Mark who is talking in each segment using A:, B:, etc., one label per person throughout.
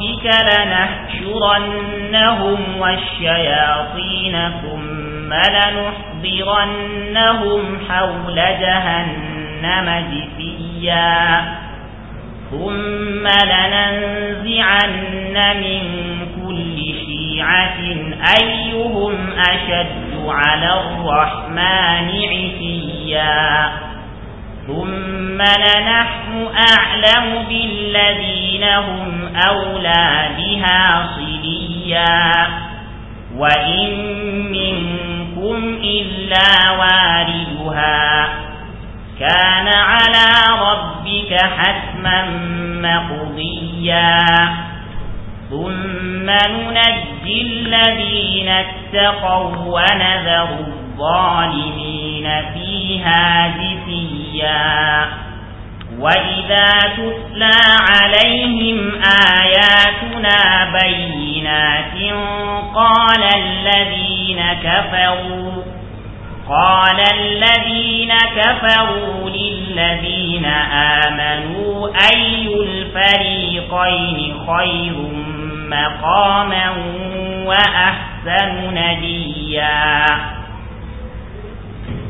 A: ربك لنحشرنهم والشياطين ثم لنحضرنهم حول جهنم جثيا ثم لننزعن من كل شيعة أيهم أشد على الرحمن عتيا ثم لنحن أعلم بالذين هم أولى بها صليا وإن منكم إلا واردها كان على ربك حتما مقضيا ثم ننجي الذين اتقوا ونذروا الظالمين فيها جثيا وإذا تتلى عليهم آياتنا بينات قال الذين كفروا قال الذين كفروا للذين آمنوا أي الفريقين خير مقاما وأحسن نديا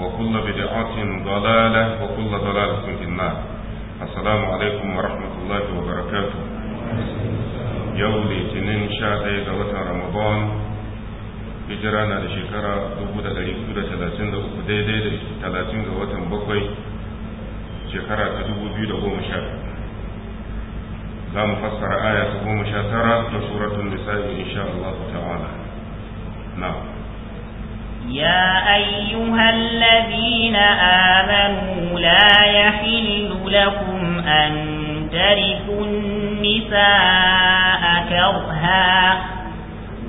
B: وكل بدعة ضلالة وكل ضلالة في النار السلام عليكم ورحمة الله وبركاته يوم الاثنين شهر وتر رمضان hijira na da shekara 433 daidai da 30 ga watan bakwai shekara ta 2010 za mu fassara aya ta 19 ta suratun nisa'i insha Allah ta'ala
A: يا أيها الذين آمنوا لا يحل لكم أن ترثوا النساء كرها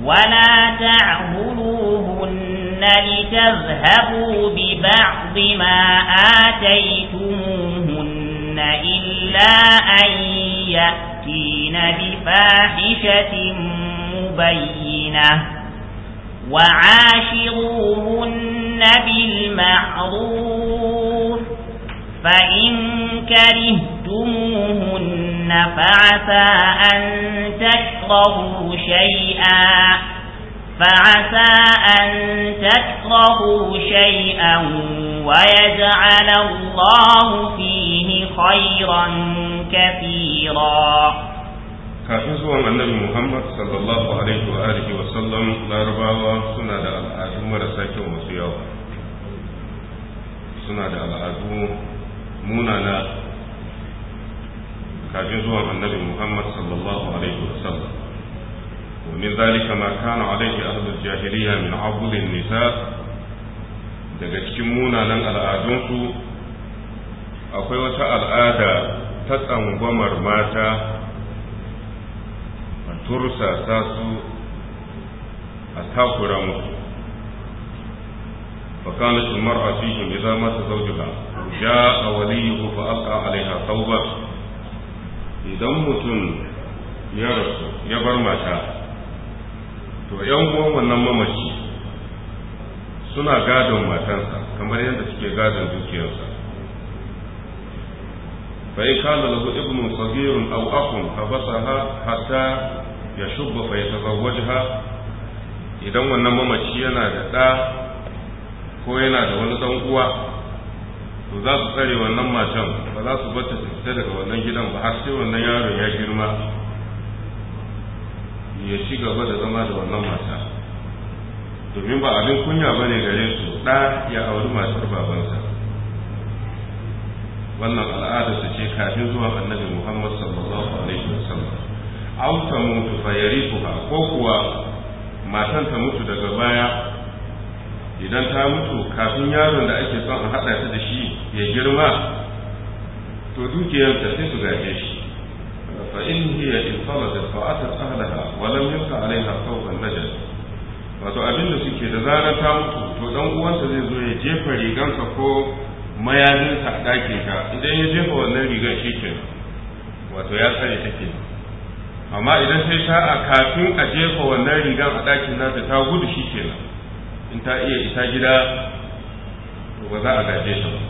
A: ولا تعبدوهن لتذهبوا ببعض ما آتيتموهن إلا أن يأتين بفاحشة مبينة وعاشروهن بالمعروف فإن كرهتموهن فعسى أن تكرهوا شيئا فعسى أن تكرهوا شيئا ويجعل الله فيه خيرا كثيرا
B: kafin zuwan annabi muhammad sallallahu alaihi wa alihi wa sallam larabawa suna da al'adu marasa kyau masu yawa suna da al'adu munana kafin zuwan annabi muhammad sallallahu alaihi wa sallam ومن ذلك ما كان عليه أهل الجاهلية من عبد النساء daga cikin munanan al'adunsu akwai wata al'ada ta tsangwamar mata a sa su a takura musu فكانت ba Ya a wani زوجها جاء aka alaiha sau ba. idan mutum ya rasu ya bar mata to yan uwan wannan mamaci suna gadon matansa kamar yadda suke gadon dukiyarsa فإن كان له ابن صغير أو أخ حبسها حتى يشب فيتزوجها idan wannan mamaci yana da ɗa ko yana da wani ɗan uwa to za su tsare wannan macen ba za su bata ta fita daga wannan gidan ba har sai wannan yaron ya girma ya ci gaba da zama da wannan mata domin ba abin kunya ba ne gare su ɗa ya auri matar babansa wannan al'ada su ce kafin zuwa annabi Muhammad sallallahu alaihi wasallam aw ta mutu fa ko kuwa matan ta mutu daga baya idan ta mutu kafin yaron da ake son a haɗa ta da shi ya girma to dukiyar ta sai su gaje shi fa in hiya in fa atat ahlaha wa lam yulqa alaiha thawban najas wato abin da suke da zarar ta mutu to dan uwanta zai zo ya jefa rigansa ko mayafinsa a ɗakin ka idan ya jefa wannan rigar shi ke wato ya sani take amma idan sai a kafin a jefa wannan rigar a ɗakin nata ta gudu shi ke in ta iya isa gida to ba za a gaje shi ba ya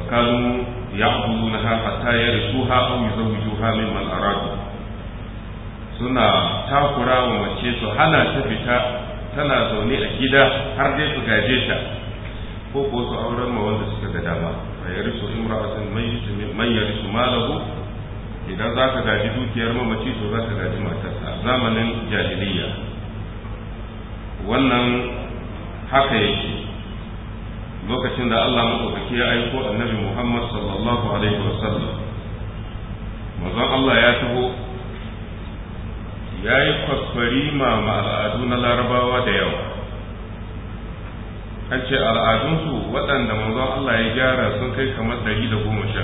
B: فكانوا يعبدونها حتى يرثوها أو يزوجوها min أرادوا suna takura wa mace su hana ta fita tana zaune a gida har dai su gaje ta ko ko su auren ma wanda suka ga dama mai yarisu imra'atun man yarisu malahu idan za ka gaji dukiyar mamaci to za ka gaji matarsa zamanin jahiliya wannan haka yake lokacin da Allah maɗaukaki ya aiko annabi Muhammad sallallahu alaihi wasallam manzon Allah ya taho ya yi kwasfari ma al'adu na larabawa da yau, an ce al'adunsu waɗanda manzon Allah ya gyara sun kai kamar ɗari da goma sha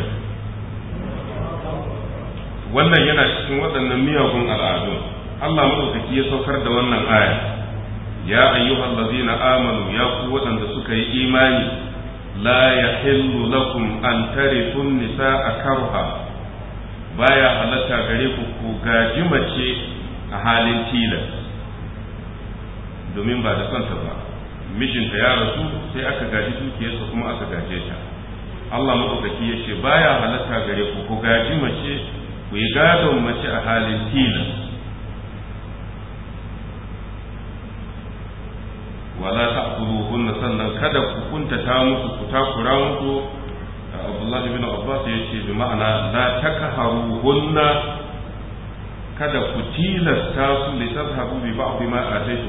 B: wannan yana cikin waɗannan miyagun al'adu Allah maɗaukaki ya saukar da wannan aya ya ayyuhal ladzina amanu ya ku waɗanda suka yi imani la yahillu lakum an tarithun nisaa karha baya halatta gare ku ku gaji mace a halin tilas domin ba da ta ba mijinta ya rasu sai aka gaji dukiyarsa kuma aka gaje ta Allah maɗaukaki ya ce baya halatta gare ku ku gaji mace ku yi gadon mace a halin tilas wala ta sannan kada ku ta musu ku takura musu Abdullahi bin Abbas ya ce bi ma'ana la takaharuhunna kada ku tilasta su ta sabu bi ba'd ma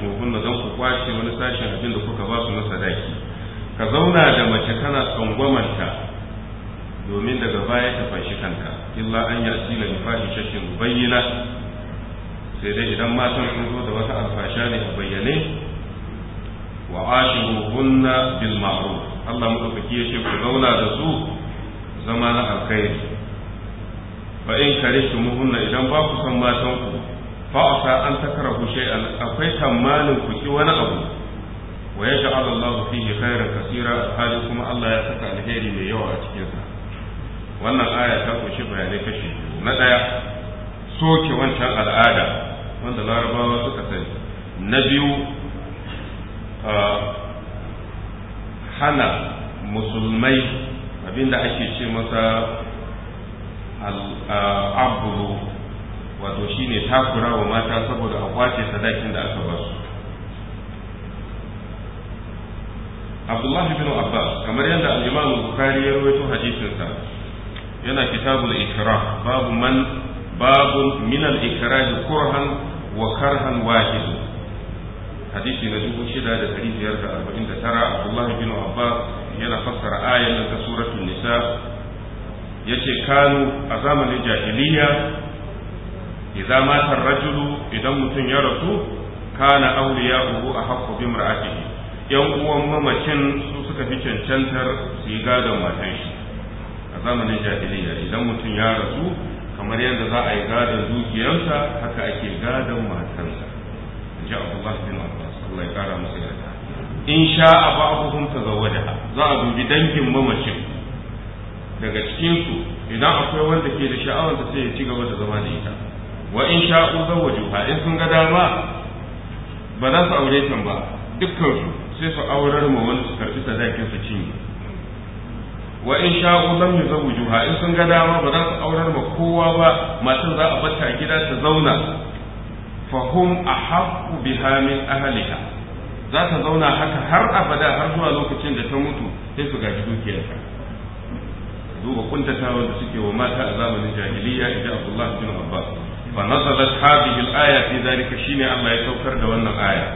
B: mu kunna dan ku kwace wani sashen abin da kuka basu na sadaki ka zauna da mace kana tsangwamanta domin daga baya ta fashi kanka illa an yati fashi mu bayyana sai dai idan matan sun zo da wata alfasha ne a bayyane wa kunna bil ma'ruf Allah mu ya ce ku zauna da su zama na alkhairi fa in muhunna idan ba ku san matan ku fa asa an takrahu shay'an akwai tamanin ku ki wani abu wa yaj'al Allahu fihi khairan kaseera hali kuma Allah ya saka alheri mai yawa a cikin sa wannan aya ta kunshi bayanai kashi na daya soke wancan al'ada wanda larabawa suka sani na biyu hana musulmai abinda ake ce masa al'abdu uh, wato shine takura wa mata saboda a kwace sadakin da aka ba su Abdullahi bin Abbas kamar yadda al-Imam Bukhari ya rawaito hadisin sa yana kitabul ikrah babu man babu min al-ikrah kurhan wa karhan wahid hadisi na da da da tara, Abdullahi bin Abbas yana fassara ayan ta suratul nisa yace kanu a zamanin jahiliya idza mata rajulu idan mutum ya rasu kana a ahaqqu bi mar'atihi yan uwan mamacin su suka fi cancantar su yi gadon matan shi a zamanin jahiliya idan mutum ya rasu kamar yadda za a yi gadon dukiyarsa haka ake gadon matansa ji Abdullah bin Abbas Allah ya kara musu yarda in sha'a ba'dhum tazawada za a dubi dangin mamacin daga cikinsu idan akwai wanda ke da sha'awar da sai ya ci gaba da zama da ita wa in sha'u ha in sun ga dama ba za su aure ta ba dukkan su sai su aurar ma wani su karbi sadakin su cinye wa in sha'u lam ha in sun ga dama ba za su aurar ma kowa ba matan za a bata gida ta zauna fa hum ahaqqu biha min ahliha za ta zauna haka har abada har zuwa lokacin da ta mutu sai su gaji dukiyarta duba kuntatawa da suke wa mata a zamanin jahiliya idan Abdullah bin Abbas fa nazalat hadhihi al-aya fi dhalika shine Allah ya saukar da wannan aya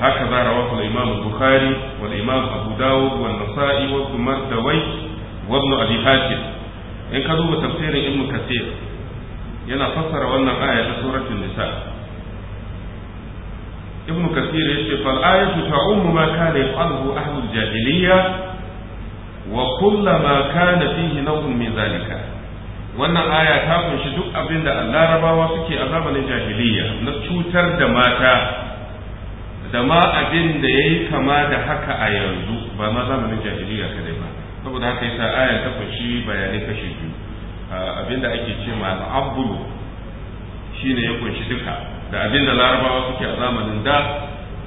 B: haka za rawahu al-Imam Bukhari wal Imam Abu Dawud wal Nasa'i wa Mardawai wa Ibn Abi Hatim in ka duba tafsirin Ibn Kathir yana fassara wannan aya ta suratul nisa' ابن كثير يشفى الآية تعم ما كان يفعله أهل jahiliya. wa kullama kana fihi nau'un min zalika wannan aya ta kunshi duk abin da larabawa suke a zamanin jahiliya na cutar da mata da ma abin da yayi kama da haka a yanzu ba ma zamanin jahiliya kadai ba saboda haka yasa aya ta kunshi bayani kashi biyu abin da ake ce ma al'abulu shine ya kunshi duka da abin da larabawa suke a zamanin da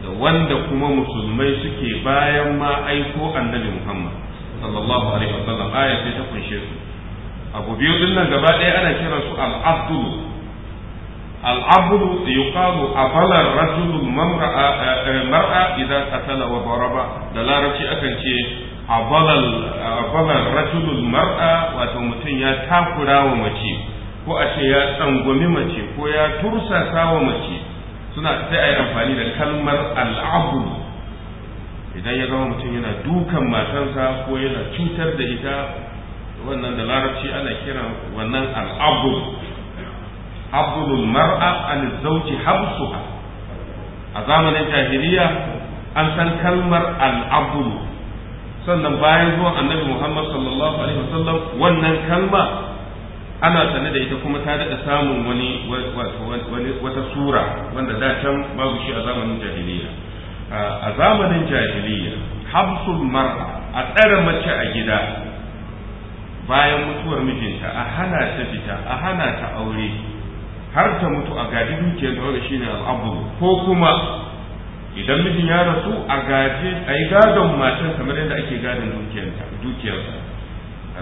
B: da wanda kuma musulmai suke bayan ma aiko annabi muhammad sallallahu alaihi wasallam aya ce ta kunshe su abu biyu din nan gaba ɗaya ana kiran su al-abdu al-abdu yuqalu abala rajulu eh, mar'a idza qatala wa daraba da larabci akan ce abala ar-rajulu mar'a wato mutum ya takura wa mace ko a ce ya tsangwami mace ko ya tursasa wa mace suna sai a yi amfani da kalmar al-abdu idan ya gama mutum yana dukan matansa ko yana cutar da ita wannan da larabci ana kiran wannan al'abdul abdulul mar'a an zauci habsuha a zamanin jahiliya an san kalmar al'abdul sannan bayan zuwa annabi muhammad sallallahu alaihi wasallam wannan kalma ana sane da ita kuma ta daɗa samun wani wata sura wanda da can babu shi a zamanin jahiliya a zamanin jahiliya habsul mar'a a tsare mace a gida bayan mutuwar mijinta a hana ta fita a hana ta aure har ta mutu a gaji dukiyar da shine al'abu ko kuma idan mijin ya rasu a gaji a yi gadon matan kamar yadda ake gadon dukiyarsa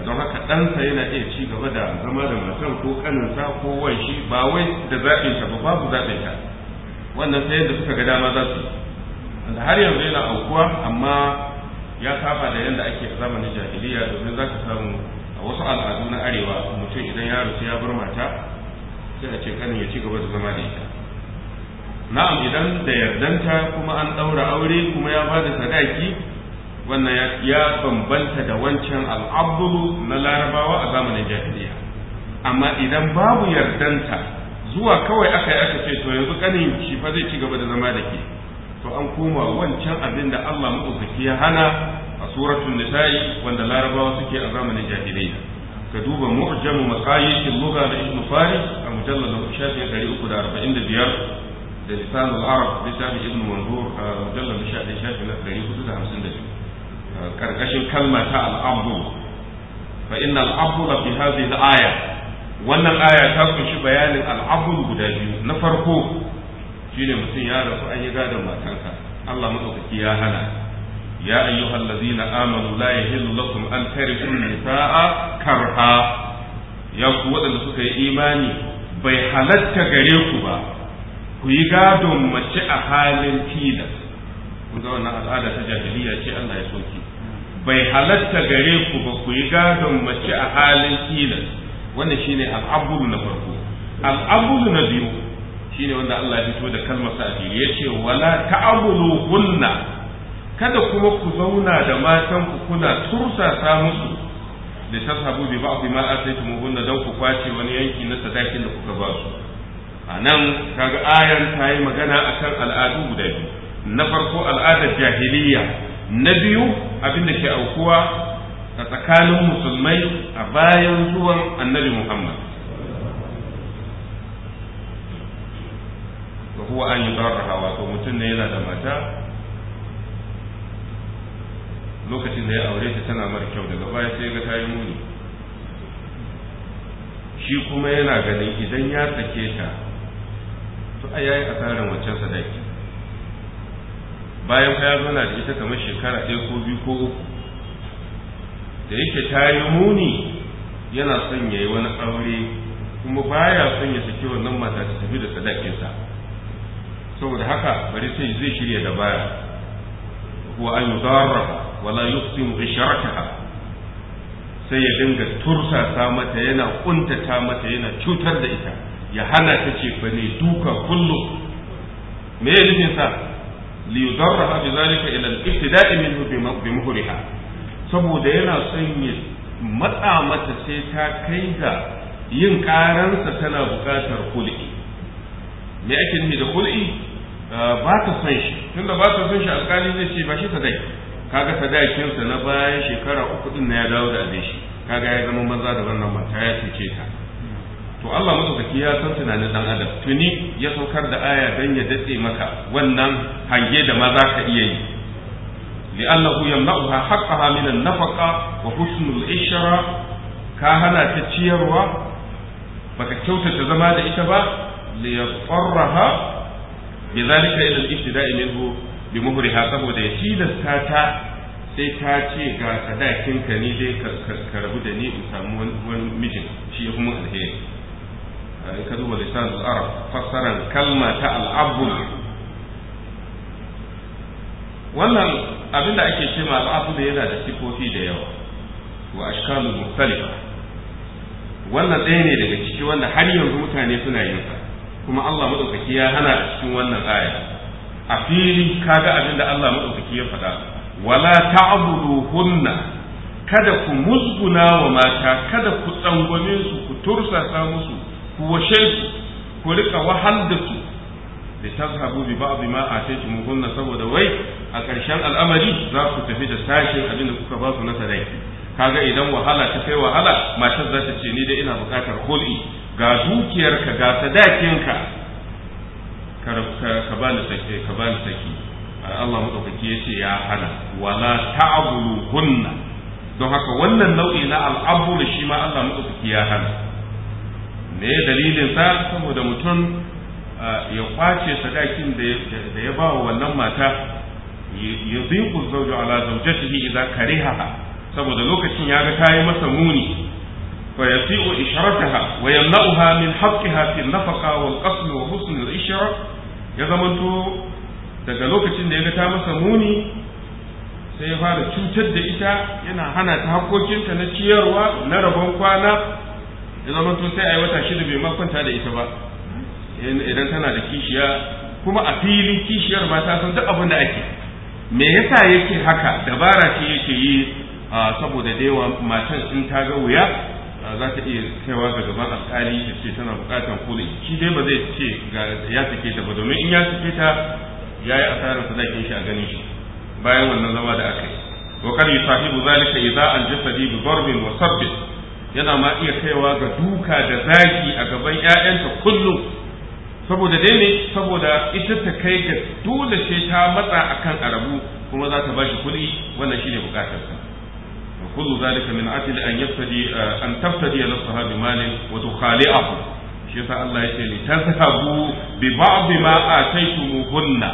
B: a don haka ɗansa yana iya ci gaba da zama da matan ko kaninsa ko wanshi ba wai da zaɓinta ba babu zaɓinsa wannan sai yadda suka ga dama za su wanda har yanzu yana aukuwa amma ya saba da yadda ake zamanin jahiliya domin za ka samu a wasu al'adu na arewa mutum idan ya rufe ya bar mata sai a ce kanin ya ci gaba da zama da ita na'am idan da yardanta kuma an ɗaura aure kuma ya ba da sadaki wannan ya bambanta da wancan al'abdu na larabawa a zamanin jahiliya amma idan babu yardanta zuwa kawai aka yi aka ce to yanzu kanin shi fa zai ci gaba da zama da ke to an koma wancan abin da Allah maɗaukaki ya hana a suratul nisa'i wanda larabawa suke a zamanin jahilai ka duba mu'jamu maqayisil lugha da ibn faris a mujallal shafin 345 da lisanul arab littafin ibn manzur a mujallar da shafi shafi na ɗari hudu da karkashin kalma ta al'abdu fa inna al'abdu fi hadhihi al-aya wannan aya ta kunshi bayanin al'abdu guda biyu na farko shine mutum ya rasu an yi gadon matanka Allah madaukaki ya hana ya ayyuhal ladzina amanu la yahillu lakum an tarithu nisaa karha ya ku wadanda suka yi imani bai halatta gare ku ba ku yi gadon mace a halin tilas kun ga wannan al'ada ta jahiliya ce Allah ya soki bai halatta gare ku ba ku yi gadon mace a halin tilas wannan shine al'abulu na farko al'abulu na biyu shine wanda Allah ya fito da kalmar sa ya ce wala ta'amulu hunna kada kuma ku zauna da matan ku kuna tursasa musu da tashabu bi ba'd ma ataytum hunna dan ku kwace wani yanki na sadakin da kuka ba su anan kaga ayan ta yi magana akan al'adu guda biyu na farko al'adar jahiliya na biyu abin da ke aukuwa a tsakanin musulmai a bayan zuwan annabi Muhammad fa huwa an yudarraha wato mutum ne yana da mata lokacin da ya aure ta tana mara kyau daga baya sai ga ta muni shi kuma yana ganin idan ya sake ta to a yayi asarar wancan sadaki bayan ka yazo zauna da ita kamar shekara ɗaya ko biyu ko uku da yake ta yi muni yana son ya yi wani aure kuma baya son ya saki wannan mata ta tafi da sadakinsa saboda haka bari sai zai shirya da baya huwa an yudarra wala yuqsim isharataha sai ya dinga tursasa mata yana kuntata mata yana cutar da ita ya hana ta ce ba ne duka kullu me ya nufin sa li yudarra bi zalika ila al-ibtida'i minhu bi muhriha saboda yana son ya matsa mata sai ta kai ga yin karansa tana bukatar kul'i me ake nufi da kul'i Eh, ba ta san shi tunda ba ta son shi alkali zai ce ba shi ta dai kaga sadakinsa na bayan shekara uku din na ya dawo da abin shi kaga ya zama maza da wannan mata ya cuce ta to Allah madaukaki ya san tunanin dan adam tuni ya saukar da aya dan ya datse maka wannan hange da maza ka iya yi li'annahu yamna'uha haqqaha min an-nafaqa wa husnul ishra ka hana ta ciyarwa baka kyautata zama da ita ba li bi zalika ila al-ibtida'i minhu bi muhriha saboda ya da ta sai ta ce ga sadakin ka ni dai ka rabu da ni in samu wani mijin shi ya kuma alheri in ka duba lisan al-arab fassaran kalma ta al-abul wannan abin da ake cewa al-abul yana da sifofi da yawa wa ashkalu mukhtalifa wannan ɗaya ne daga ciki wanda har yanzu mutane suna yin sa kuma Allah maɗaukaki ya hana a cikin wannan aya a fili kaga abin da Allah maɗaukaki ya faɗa wala ta'buduhunna kada ku musguna wa mata kada ku tsangwame su ku tursasa musu ku washe su ku rika wahal da su da tazhabu bi ba'd ma ataytumuhunna saboda wai a ƙarshen al'amari za ku tafi da sashin abin da kuka ba su na sadaki kaga idan wahala ta kai wahala matar za ta ce ni da ina buƙatar hul'i ga dukiyarka ga sadakinka ka ba ni sake ka ba ni sake Allah madaukaki ya ce ya hana wala ta'budu hunna don haka wannan nau'i na da shi ma Allah madaukaki ya hana me dalilin sa saboda mutum ya kwace sadakin da ya ba wa wannan mata ya ziku zauju ala zaujatihi idan kariha saboda lokacin ya ga tayi masa muni فيسيء إشارتها ويمنعها من حقها في النفقة والقسم وحسن العشرة ya zamanto daga lokacin da ya ga ta masa muni sai ya fara cutar da ita yana hana ta hakokinta na ciyarwa na rabon kwana ya zamanto sai a yi wata shida bai makwanta da ita ba idan tana da kishiya kuma a filin kishiyar ma ta san duk ake me yasa yake haka dabara ce yake yi saboda da yawa matan in ta ga wuya za ta iya kaiwa ga gaban alkali da ce tana bukatar kudi shi dai ba zai ce ga ya sake ta ba domin in ya sake ta ya yi asarar sadakin shi a ganin shi bayan wannan zama da aka yi wa kar yusahibu zalika idza aljasadi bi darbin wa sabbin yana ma iya kaiwa ga duka da zaki a gaban 'ya'yanta kullum saboda dai ne saboda ita ta kai ga dole ce ta matsa akan arabu kuma za ta shi kuɗi wannan shine bukatarsa kullu zalika min ajli an yaftadi an taftadi nafsaha bi malin wa tukhali'ahu shi yasa Allah yake li tazhabu bi ba'd ma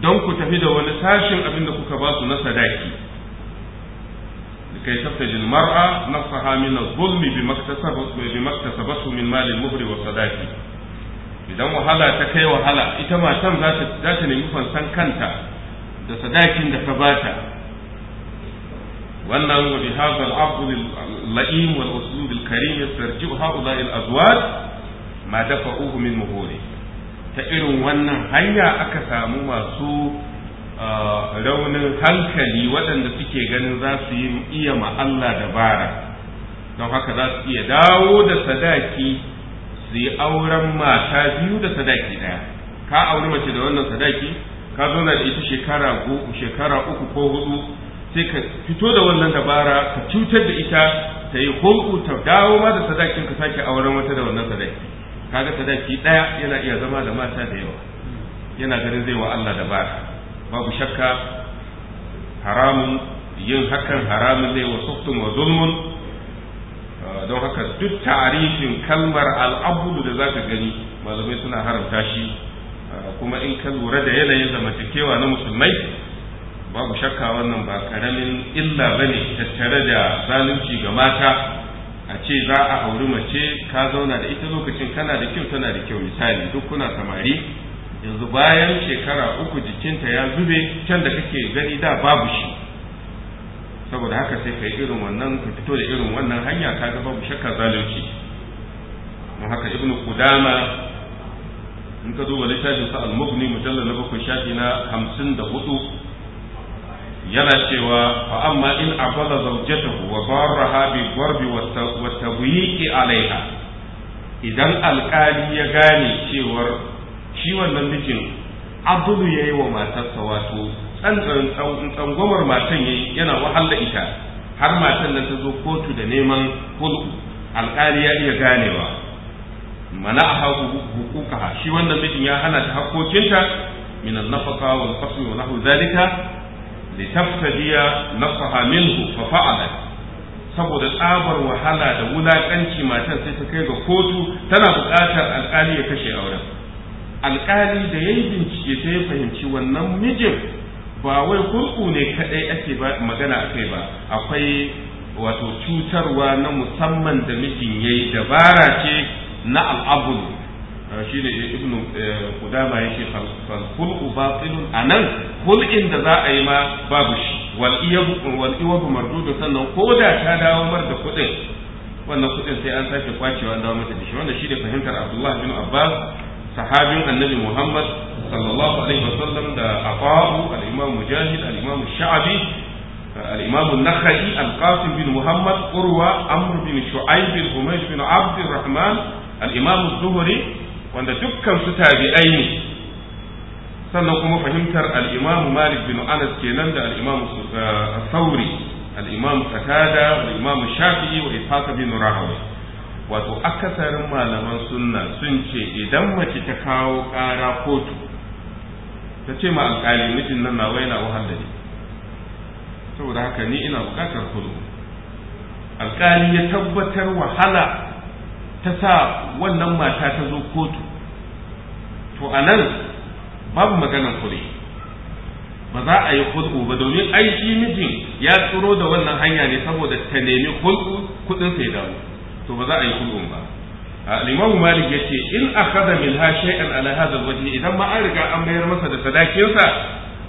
B: don ku tafi da wani sashin abin da kuka ba su na sadaki kai taftaji mar'a na min az-zulmi bi maktasabatu bi min mali muhri wa idan wahala ta kai wahala ita matan za ta za ta nemi fansan kanta da sadakin da ka bata wannan wa bi hadha al al-la'im wal uslub al-karim yastarji'u dafa al-azwaj ma dafa'uhu min muhuri ta irin wannan hanya aka samu masu raunin hankali waɗanda suke ganin za su yi iya Allah dabara don haka za su iya dawo da sadaki su yi auren mata biyu da sadaki ɗaya ka auri mace da wannan sadaki ka zauna da ita shekara shekara uku ko huɗu. sai ka fito da wannan dabara ka cutar da ita ta yi hulku ta dawo ma da sadakin ka sake auren wata da wannan sadaki kaga sadaki daya yana iya zama da mata da yawa yana ganin zai wa Allah dabara babu shakka haramun yin hakan haramun zai wa suftun wa zulmun ah, don haka duk tarihin kalmar al'abudu da zaka gani malamai suna haramta shi ah, kuma in ka lura da yanayin zamantakewa na musulmai babu shakka wannan ba karamin illa bane tattare da zalunci ga mata a ce za a auri mace ka zauna da ita lokacin kana da kyau tana da kyau misali duk kuna samari yanzu bayan shekara uku jikinta ya zube can da kake gani da babu shi saboda haka sai ka yi irin wannan ka fito da irin wannan hanya ka ga babu shakka zalunci don haka ibnu kudama in ka duba littafin sa al-mughni mujallal na bakwai shafi na hudu. yana cewa fa amma in aqala zawjatuhu wa barraha bi gharbi wa tabyiqi alaiha idan alkali ya gane cewar shi wannan mijin abdu yayi wa matarsa wato tsangwamar matan yayi yana wahala ita har matan nan ta zo kotu da neman hulku alkali ya iya ganewa mana a hukuka shi wannan mijin ya hana ta hakokinta min an-nafaqa wal qasl wa nahwu zalika litaftadiya nafsaha minhu fa fa'alat saboda tsabar wahala da wulakanci matan sai ta kai ga kotu tana buƙatar alƙali ya kashe auren alƙali da yayi bincike sai ya fahimci wannan mijin ba wai kurku ne kadai ake magana akai ba akwai wato cutarwa na musamman da mijin yayi dabara ce na al'abulu shine ibn eh, qudama yake fal khulqu batilun nan hulqin da za a yi ma babu shi wal iyabu wal mardudu sannan ko da ta dawo mar da kudin wannan kudin sai an sake kwacewa dawo mata da shi wannan shine fahimtar Abdullah bin Abbas sahabin annabi Muhammad sallallahu alaihi wasallam da afa'u al-imam mujahid al-imam sha'bi الإمام النخعي القاسم بن محمد قروة عمرو بن شعيب بن حميد بن عبد الرحمن الإمام الزهري wanda dukkan su tabi'ai ne sannan kuma fahimtar al-Imam Malik bin Anas kenan da al-Imam Thawri eh, al-Imam Qatada al-Imam Shafi'i wa Ishaq bin Rahawai wato akasarin malaman sunna sun ce idan mace ta kawo ƙara kotu ta ce ma alƙali mijin nan nawa yana wahala ne saboda haka ni ina buƙatar kudu alƙali ya tabbatar wahala ta sa wannan mata ta zo kotu to a nan babu maganan kuɗi ba za a yi hulɗu ba domin aiki shi mijin ya tsoro da wannan hanya ne saboda ta nemi hulɗu kuɗin sai dawo to ba za a yi hulɗun ba A limamu malik ce, in akhadha ha shay'an ala hadha idan ma an riga an mayar masa da sadakinsa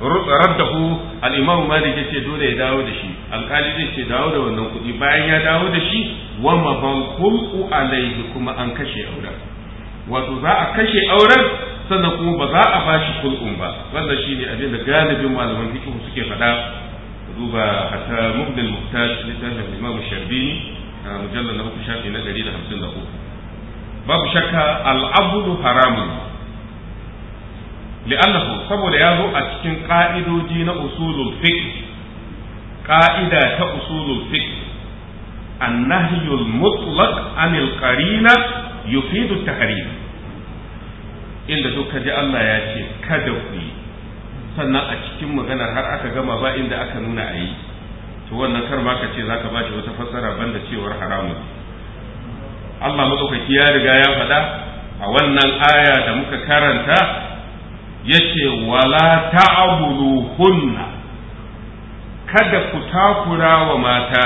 B: raddahu al-imamu malik yace dole ya dawo da shi alkali zai ce dawo da wannan kuɗi bayan ya dawo da shi wa mabankum alayhi kuma an kashe auren wato za a kashe auren sannan kuma ba za a bashi kul'un ba wannan shi ne abin da galibin malaman fiqh suke faɗa duba hatta mubdil muhtaj littafin imam sharbini mujallal na uku shafi na 153 babu shakka al'abudu haramun li'annahu saboda ya zo a cikin ka'idoji na usulul fiqh ka'ida ta usulul fiqh annahyu al-mutlaq anil qarina yufidu at-tahrim inda duka ji Allah ya ce kada ku yi sannan a cikin maganar har aka gama ba inda aka nuna a yi to wannan kar ma ka ce zaka ba shi wata fassara banda cewar haramun Allah madaukaki ya riga ya faɗa a wannan aya da muka karanta yace wala ta'buluhunna kada ku takura wa mata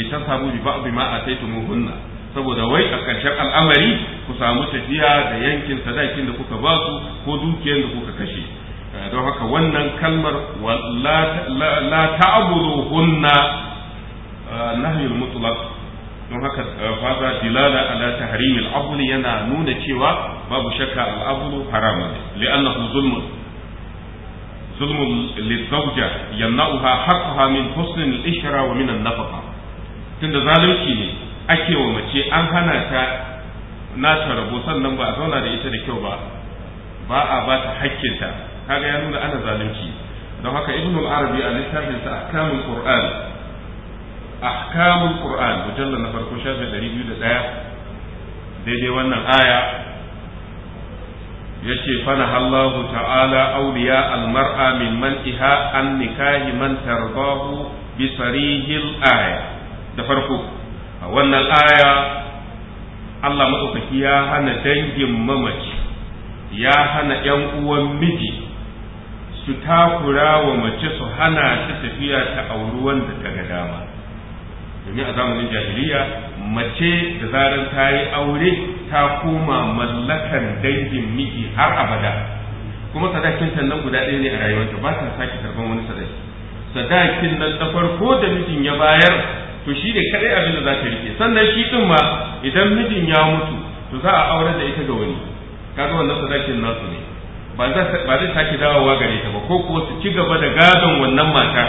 B: litashabu bi ba'd ma ataytumuhunna saboda wai a ƙarshen al'amari ku samu tafiya da yankin sadakin da kuka ba su ko dukiyar da kuka kashe eh, don haka wannan kalmar la ta'buduhunna eh, nahyul mutlaq don haka eh, faza dilala ala tahrimil abl yana nuna cewa babu shakka al-abl haram li'annahu zulmun zulmun lizawja yamna'uha haqqaha min husn ishra wa min an-nafaqa tunda zalunci ne ake wa mace an hana ta nata rabo sannan ba a zauna da ita da kyau ba ba a ba ta hakkinta kaga ya nuna ana zalunci don haka ibn al-arabi a littafin sa ahkamul qur'an ahkamul qur'an mujallal na farko shafi 201 daidai wannan aya yace fana Allahu ta'ala awliya al-mar'a min man'iha an nikahi man tardahu bi sarihil aya da farko wannan aya Allah matsaukaki ya hana dangin mamaci ya hana ‘yan uwan miji su takura wa mace su hana ta tafiya ta auri wanda ta ga dama domin a zamanin jahiliya mace da zarar ta yi aure ta koma mallakan dangin miji har abada kuma sadakinta nan guda ɗaya ne a rayuwarta ba ta sake karban wani sadaki sadakin nan ta farko da mijin ya bayar to shi ne kadai abin da za ta rike sannan shi din ma idan mijin ya mutu to za a aure da ita ga wani kaga wannan sadakin nasu ne ba zai sake dawowa gare ta ba ko kuwa su ci gaba da gadon wannan mata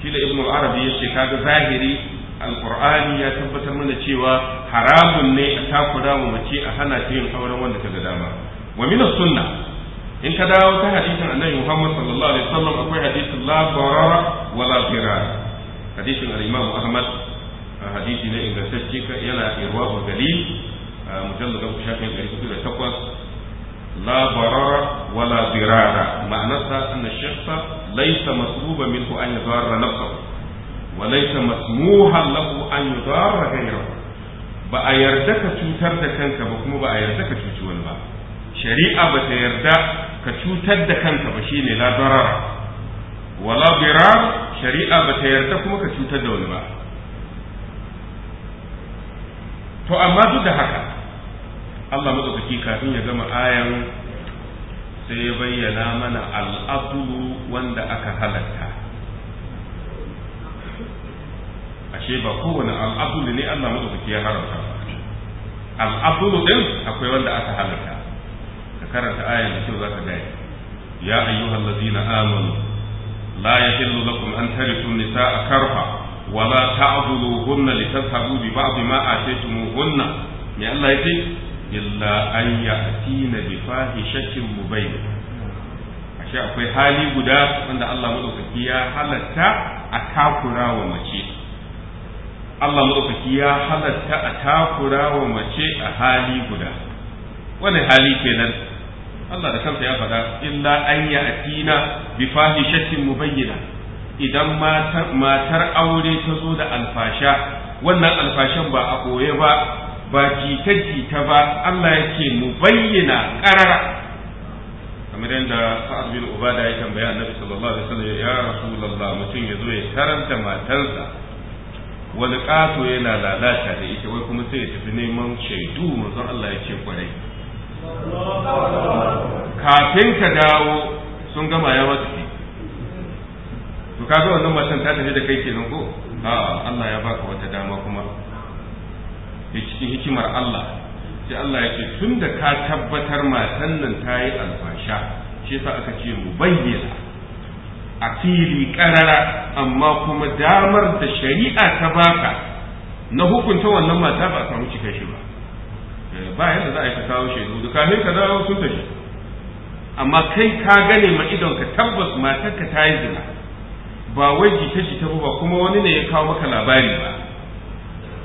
B: shi da ibnu arabi ya ce kaga zahiri alqur'ani ya tabbatar mana cewa haramun ne a takura mu mace a hana ta yin auren wanda ta ga dama wa min sunna in ka dawo ta hadisin annabi Muhammad sallallahu alaihi wasallam akwai hadisin la barara wala firara hadisin al-imam ahmad hadisi ne ingantacce yana irwa galil mujallad abu shafin ɗari hudu da takwas la barara wala dirara ma'anarsa anna shakhsa laysa masluba minhu an yadarra nafsahu wa laysa masmuhan lahu an yadarra ghayrahu ba a yarda ka cutar da kanka ba kuma ba a yarda ka cuci wani ba shari'a ba ta yarda ka cutar da kanka ba shine la darara wala birar shari'a ba ta yarda kuma ka cutar da wani ba to amma duk da haka Allah madaukaki kafin ya gama ayan sai ya bayyana mana al'adu wanda aka halatta ashe ba kowane al'adu ne Allah madaukaki ya haramta al'adu din akwai wanda aka halatta ka karanta ayan da kyau zaka gane ya ayyuhallazina amanu لا يحل لكم أن ترثوا النساء كرها ولا تعضلوهن لتذهبوا ببعض ما آتيتموهن من الله يتي إلا أن يأتين بفاحشة مبينة ashe akwai hali guda wanda Allah maɗaukaki ya halatta a takura wa mace Allah maɗaukaki ya halatta a takura wa mace a hali guda wani hali kenan Allah da kansa ya faɗa illa an ya atina bi fahishatin mubayyana idan matar aure ta zo da alfasha wannan alfashan ba a ɓoye ba ba jita-jita ba Allah yake mubayyana ƙarara kamar yadda sa'ad bin ubada ya tambaya annabi sallallahu alaihi wasallam ya rasulullah mutum ya zo ya karanta matarsa wani ƙato yana lalata da ita wai kuma sai ya tafi neman shaidu manzon Allah yake kwarai kafin ka dawo sun gama ya masu ki to kaga wannan matan ta tafi da kai kenan ko a Allah ya baka wata dama kuma cikin hikimar Allah sai Allah ya ce tun da ka tabbatar matan nan ta yi alfasha shi sa aka ce mu bayyana a fili karara amma kuma damar da shari'a ta baka na hukunta wannan mata ba a samu cika shi ba Eh, ba yadda za a yi ka kawo shaidu kafin ka dawo sun tafi amma kai ka gane ma idon ka tabbas matar ka ta yi zina ba wai jita jita ba kuma wani ne ya kawo maka labari ba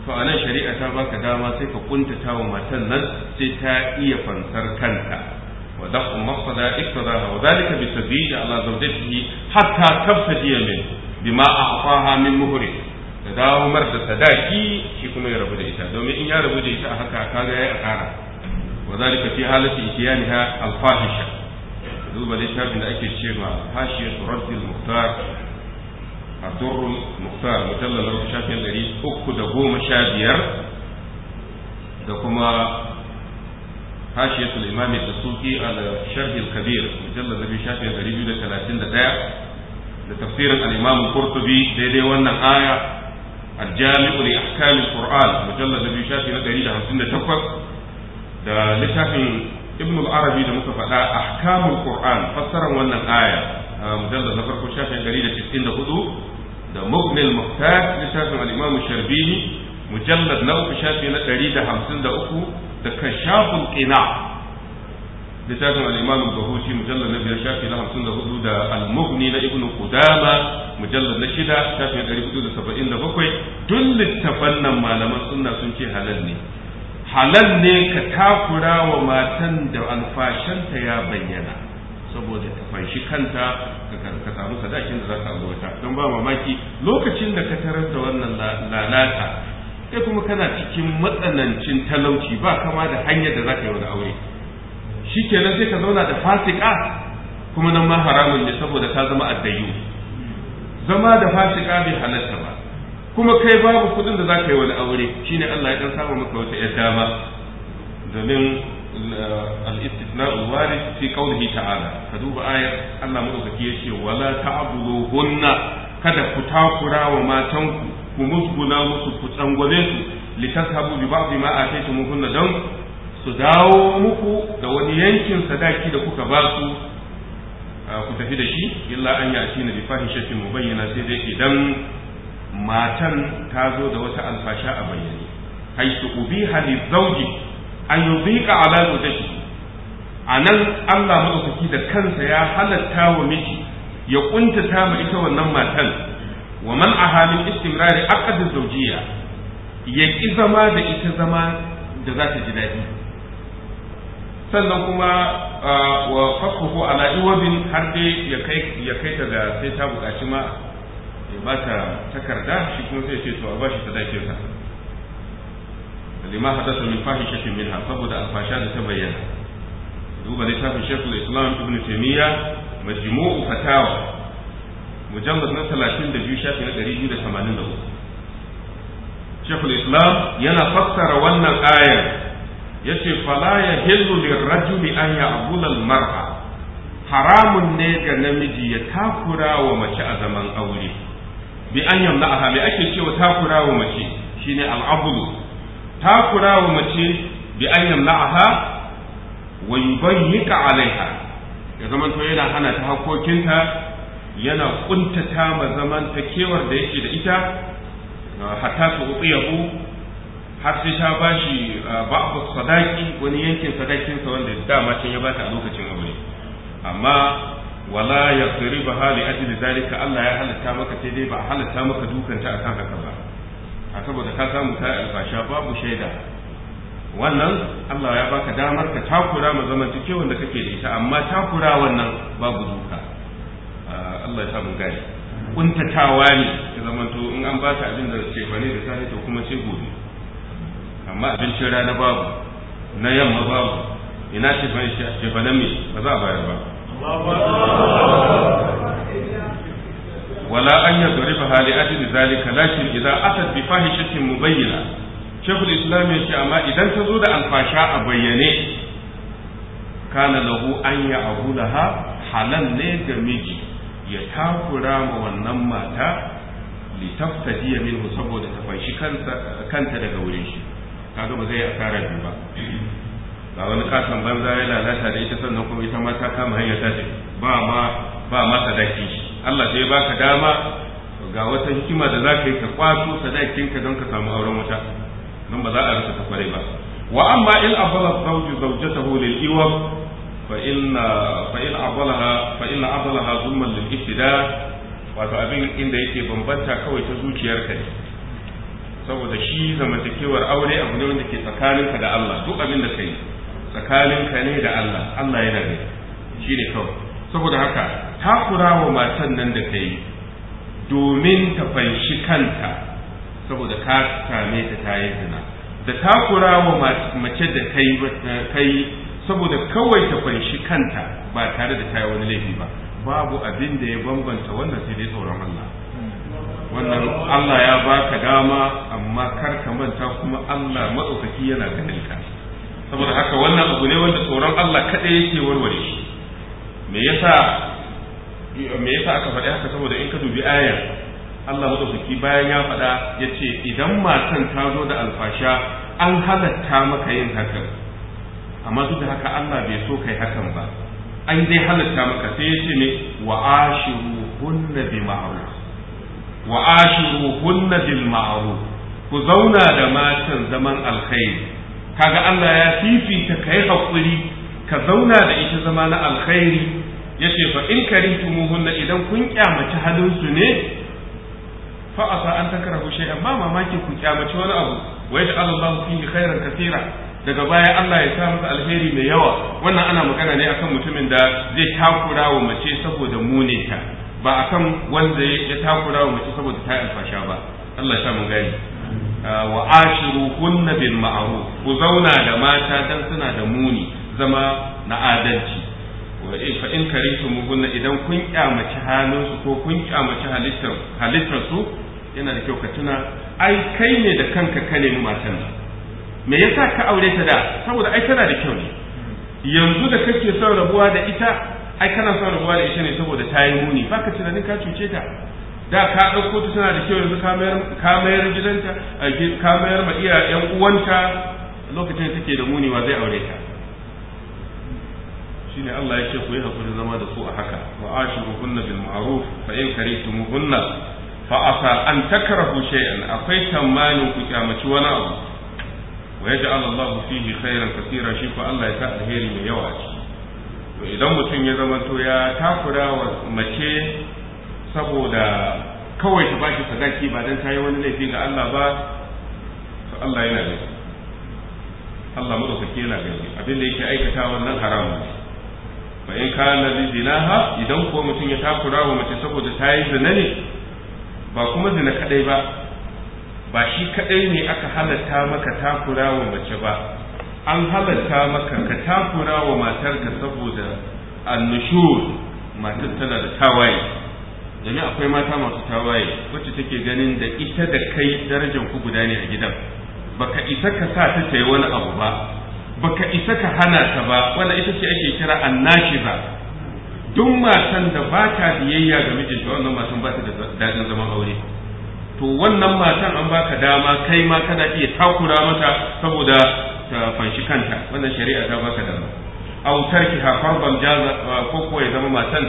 B: to anan shari'a ta baka dama sai ka kuntata wa matan nan sai ta iya fansar kanta wa kuma maqsada iktada wa dhalika bi sabili zawjatihi hatta tabtadiya min bima ahfaha min muhri da dawo mar da sadaki shi kuma ya rabu da ita domin in ya rabu da ita a haka kaga yayi akara wa zalika fi halati ikyaniha al fahisha duba da shafin da ake cewa hashiya turaddi al muhtar adurru muhtar mujallal rubu shafin dari uku da goma sha biyar da kuma hashiya sulaimani da suki al sharhi al kabir mujallal rubu shafin dari biyu da talatin da daya da tafsirin al imamu daidai wannan aya الجامع لأحكام القرآن مجلد نبي شافي ندري ده سنة تفر ده لشافي ابن العربي ده مكفى أحكام القرآن فسر ولا الآية مجلد نفر شافي ندري ده تسعين ده هدو ده مغني المختار لشافي الإمام الشربيني مجلد نوف شافي ندري ده همسين ده أكو ده كشاف القناع littafin al-imam al-bahushi mujallar na biyar shafi na hamsin da hudu da al na ibnu qudama mujallar na shida shafi na ɗari hudu da saba'in da bakwai duk littafan nan malaman sunna sun ce halal ne halal ne ka takura wa matan da alfashanta ya bayyana saboda ta fanshi kanta ka samu sadakin da za ka wata don ba mamaki lokacin da ka tarar da wannan lalata sai kuma kana cikin matsanancin talauci ba kama da hanyar da za ka yi wani aure Shi shikenan sai ka zauna da fasika kuma nan ma haramun ne saboda ta zama addayu zama da fasika bai halatta ba kuma kai babu kudin da za ka yi wani aure shine Allah ya dan saba maka wata yar dama domin eh, al-istithna'u warid fi qawlihi ta'ala ka duba Aya, Allah madaukaki yace wala hunna kada ku takura wa matanku ku musguna musu ku tsangwale su litashabu bi ba'd ma ataytumuhunna dan su dawo muku da wani yankin sadaki da kuka ba su ku tafi da shi illa an yashi na bi mu bayyana sai dai idan matan ta zo da wata alfasha a bayyane su ubi hali zauji, an yudhiqa ala A nan, Allah maɗaukaki da kansa ya halatta wa miji ya kuntata ma ita wannan matan wa man a halin istimrari akadin zaujiya ya ki zama da ita zama da za ta ji daɗi sannan kuma wa fasfuhu ala iwabin har dai ya kai ya kai ta ga sai ta buƙaci ma ya ba ta takarda shi kuma sai ce to a bashi sadakin sa lima hadasa min fahishatin minha saboda fasha da ta bayyana duba tafi shekul islam ibn taymiya majmu'u fatawa mujallad na 32 shafi na uku. shekul islam yana fassara wannan ayar yace fala yahillu rajuli an ya'bula mara. haramun ne ga namiji ya takura wa mace a zaman aure bi an yamna aha me ake cewa takura wa mace shine al'abulu takura wa mace bi an yamna aha wa yubayyika alaiha ya zaman to yana hana ta hakokinta yana kuntata ma zaman ta kewar da yake da ita hatta su utsiyahu har sai ta ba shi sadaki wani yankin sa wanda dama can ya ba ta a lokacin aure amma wala ya tsiri ba hali jini zalika Allah ya halatta maka sai dai ba halatta maka dukanta a kan haka ba a saboda ka samu ta alfasha babu shaida wannan Allah ya baka damar ka takura ma zamantakewar wanda kake da ita amma takura wannan babu duka Allah ya samu gani kuntatawa ne ya zamanto in an ba ta abin da ce ne da sai to kuma sai gobe amma abincin rana babu na yamma babu ina shefanen me ba za a bayar ba wala an ya ba hali ajin zalika lakin idan aka bi mu bayyana shekul islam ya ce amma idan ta zo da alfasha a bayyane kana lahu an ya abulaha halal ne ga miji ya takura ma wannan mata litafta min saboda ta fashi kanta daga wurin shi kaga ba zai yi asara biyu ba ga wani kasan banza ya lalata da ita sannan kuma ita ma ta kama hanyar ta ce ba ma ba ma sadaki Allah sai baka dama ga wata hikima da za ka yi ka kwato ka don ka samu auren wata don ba za a rasa kwarai ba wa amma in abala zawju zawjatahu lil iwab fa in fa in abalaha fa in abalaha zumman lil ibtida wato abin inda yake bambanta kawai ta zuciyarka ne saboda shi zamantakewar aure abu ne wanda ke tsakaninka da Allah duk abin da kai tsakaninka ne da Allah Allah yana ne shi ne kawai saboda haka ta kura wa matan nan da kai domin ta fanshi kanta saboda ka same ta ta yi zina da ta kura wa mace da kai kai saboda kawai ta fanshi kanta ba tare da ta yi wani laifi ba babu abin da ya bambanta wannan sai dai tsoron Allah
C: wannan Allah ya baka dama
B: amma kar ka manta kuma Allah matsaukaki yana ganin ka saboda haka wannan abu ne wanda tsoron Allah kaɗai yake warware shi me yasa me yasa aka faɗi haka saboda in ka dubi ayar Allah matsaukaki bayan ya faɗa ya ce idan matan ta zo da alfasha an halatta maka yin hakan amma duk da haka Allah bai so kai hakan ba an dai halatta maka sai ya ce ne wa ashiru hunna bi ma'ruf wa hunna bil ma'ruf ku zauna da matan zaman alkhairi kaga Allah ya fifita kai hakuri ka zauna da ita zama na alkhairi yace fa in hunna idan kun kyamaci halin ne fa asa an takrahu shay'an Amma mamaki ku kyamaci wani abu wa yaj'al Allahu fihi khairan katira daga baya Allah ya sa masa alheri mai yawa wannan ana magana ne akan mutumin da zai takura wa mace saboda munita ba kan wanda ya takura wa mace saboda ta alfasha ba Allah ya mu gani ah, wa kunna bil ma'ruf ku zauna da mata dan suna da muni zama na adalci In fa in kunna idan kun kyamaci halin su ko kun kyamaci halittar halittar su yana da kyau ka tuna ai kai ne da kanka ka nemi matan me yasa ka aure ta da saboda ai tana da kyau ne yanzu da kake son rabuwa da ita ai kana son rabuwa da ita ne saboda ta yi muni ba ka tunanin ka cuce ta da ka ɗauko ta tana da kyau yanzu ka mayar gidanta ka mayar ma iya yan uwanta lokacin da take da muni wa zai aure ta shine Allah ya ce ku yi hakuri zama da su a haka wa ashiruhunna bil ma'ruf fa in kunna. fa asa an takrahu shay'an akwai tamanin ku kyamaci wani abu wa yaj'al Allahu fihi khayran katira shi ku Allah ya sa alheri mai yawa a ciki to idan mutum ya zamanto ya takura wa mace saboda kawai ta bashi sadaki ba dan tayi wani laifi ga Allah ba to Allah yana gani Allah yana gani abin da yake aikata wannan haramun ne fa in kana zinaha idan ko mutum ya takura wa mace saboda tayi zina ne ba kuma zina kadai ba ba shi kadai ne aka halatta maka takura wa mace ba an halatta maka ka takura wa matarka saboda annushur matar tana da tawaye domin akwai mata masu tawaye wacce take ganin da ita da kai darajar ku guda ne a gidan baka isa ka sa ta tayi wani abu ba baka isa ka hana ta ba wannan ita ce ake kira annashiza duk matan da ba ta biyayya ga mijinta wannan matan ba ta da dadin zaman aure to wannan matan an baka dama kai ma kana iya takura mata saboda ta fanshi kanta wannan shari'a ta baka dama wutar ki farban jaza ko ko ya zama matan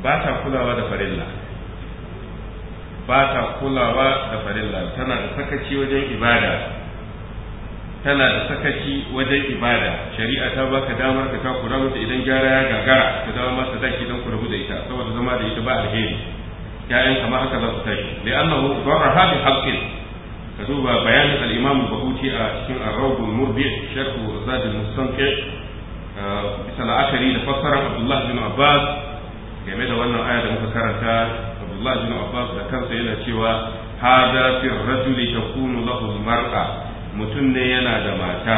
B: ba ta kulawa da farilla ba ta kulawa da farilla tana da sakaci wajen ibada tana da sakaci wajen ibada shari'a ta baka damar ka ta kula mata idan gyara ya gagara ka zama mata zaki dan ku rabu da ita saboda zama da ita ba alheri ya'yan kama haka za su tashi li'annahu darra bi haqqin ka duba bayanin al bahuci a cikin ar-rawd al-murdi sharh bisa la'akari da fassarar Abdullah bin Abbas game da wannan aya da muka karanta Abdullah bin Abbas da kansa yana cewa hada fi rajuli takunu lahu al mutum ne yana da mata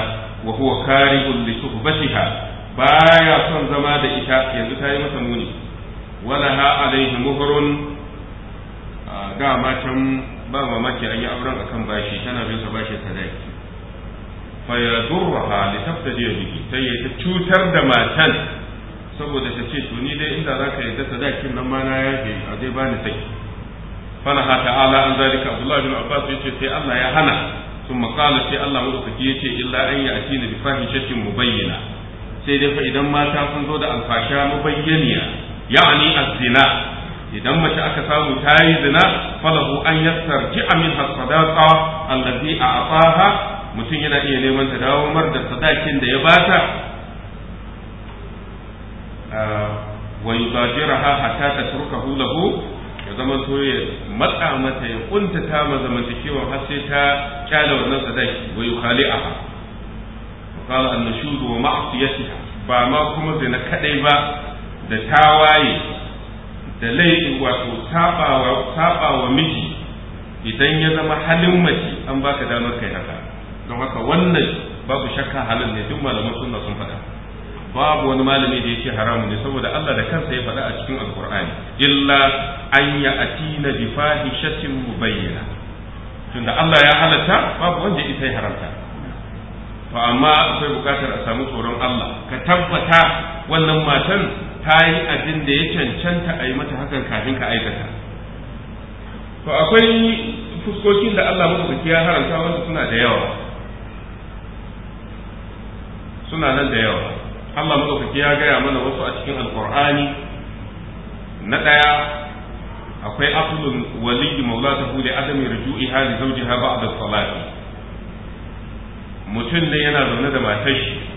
B: wa huwa karihun li suhbatiha baya son zama da ita yanzu ta yi masa nuni. walaha alaihi muhrun dama can ba mamaki an yi auren akan bashi tana bin sa bashi sadaki fa ya durha li tabtadi bihi sai ya cutar da matan saboda ta ce to ni dai inda zaka yarda sadakin nan ma na yaje a zai bani saki fana hata ala an zalika abdullahi bin abbas yace sai Allah ya hana sun قال sai Allah madaukaki yace illa an ya atina bi fahishatin mubayyana sai dai fa idan mata sun zo da alfasha mubayyaniya ya'ani az-zina idan mace aka samu ta yi zina falahu an yastarji amin hasadaqa allazi a'taha mutum yana iya neman ta dawo mar da sadakin da ya bata ah, wa yubajiraha hatta tatrukahu lahu ya zama so ya matsa mata ya ta ma zamantakewa har sai ta kyale wannan sadaki wa yukhali'aha wa qala an wa ma'siyatiha ba ma kuma zina kadai ba da tawaye da laifin wato sabawa wa miji idan ya zama halin mace an baka damar kai haka don haka wannan babu shakka halin ne duk malaman suna sun faɗa babu wani malami da yake haramu ne saboda Allah da kansa ya faɗa a cikin alkur'ani illa an ya atina bi fahishatin mubayyana tunda Allah ya halatta babu wanda ita ya haramta to amma akwai bukatar a samu tsoron Allah ka tabbata wannan matan ta yi abin da ya cancanta a yi mata hakan kafin ka aikata to akwai fuskokin da Allah maɗaukaki ya haramta wanda suna da yawa suna nan da yawa Allah maɗaukaki ya gaya mana wasu a cikin alkur'ani na ɗaya akwai aqlul waliyyi maulatahu li adami ruju'iha li Haba, ba'da salati mutum ne yana zaune da matashi. shi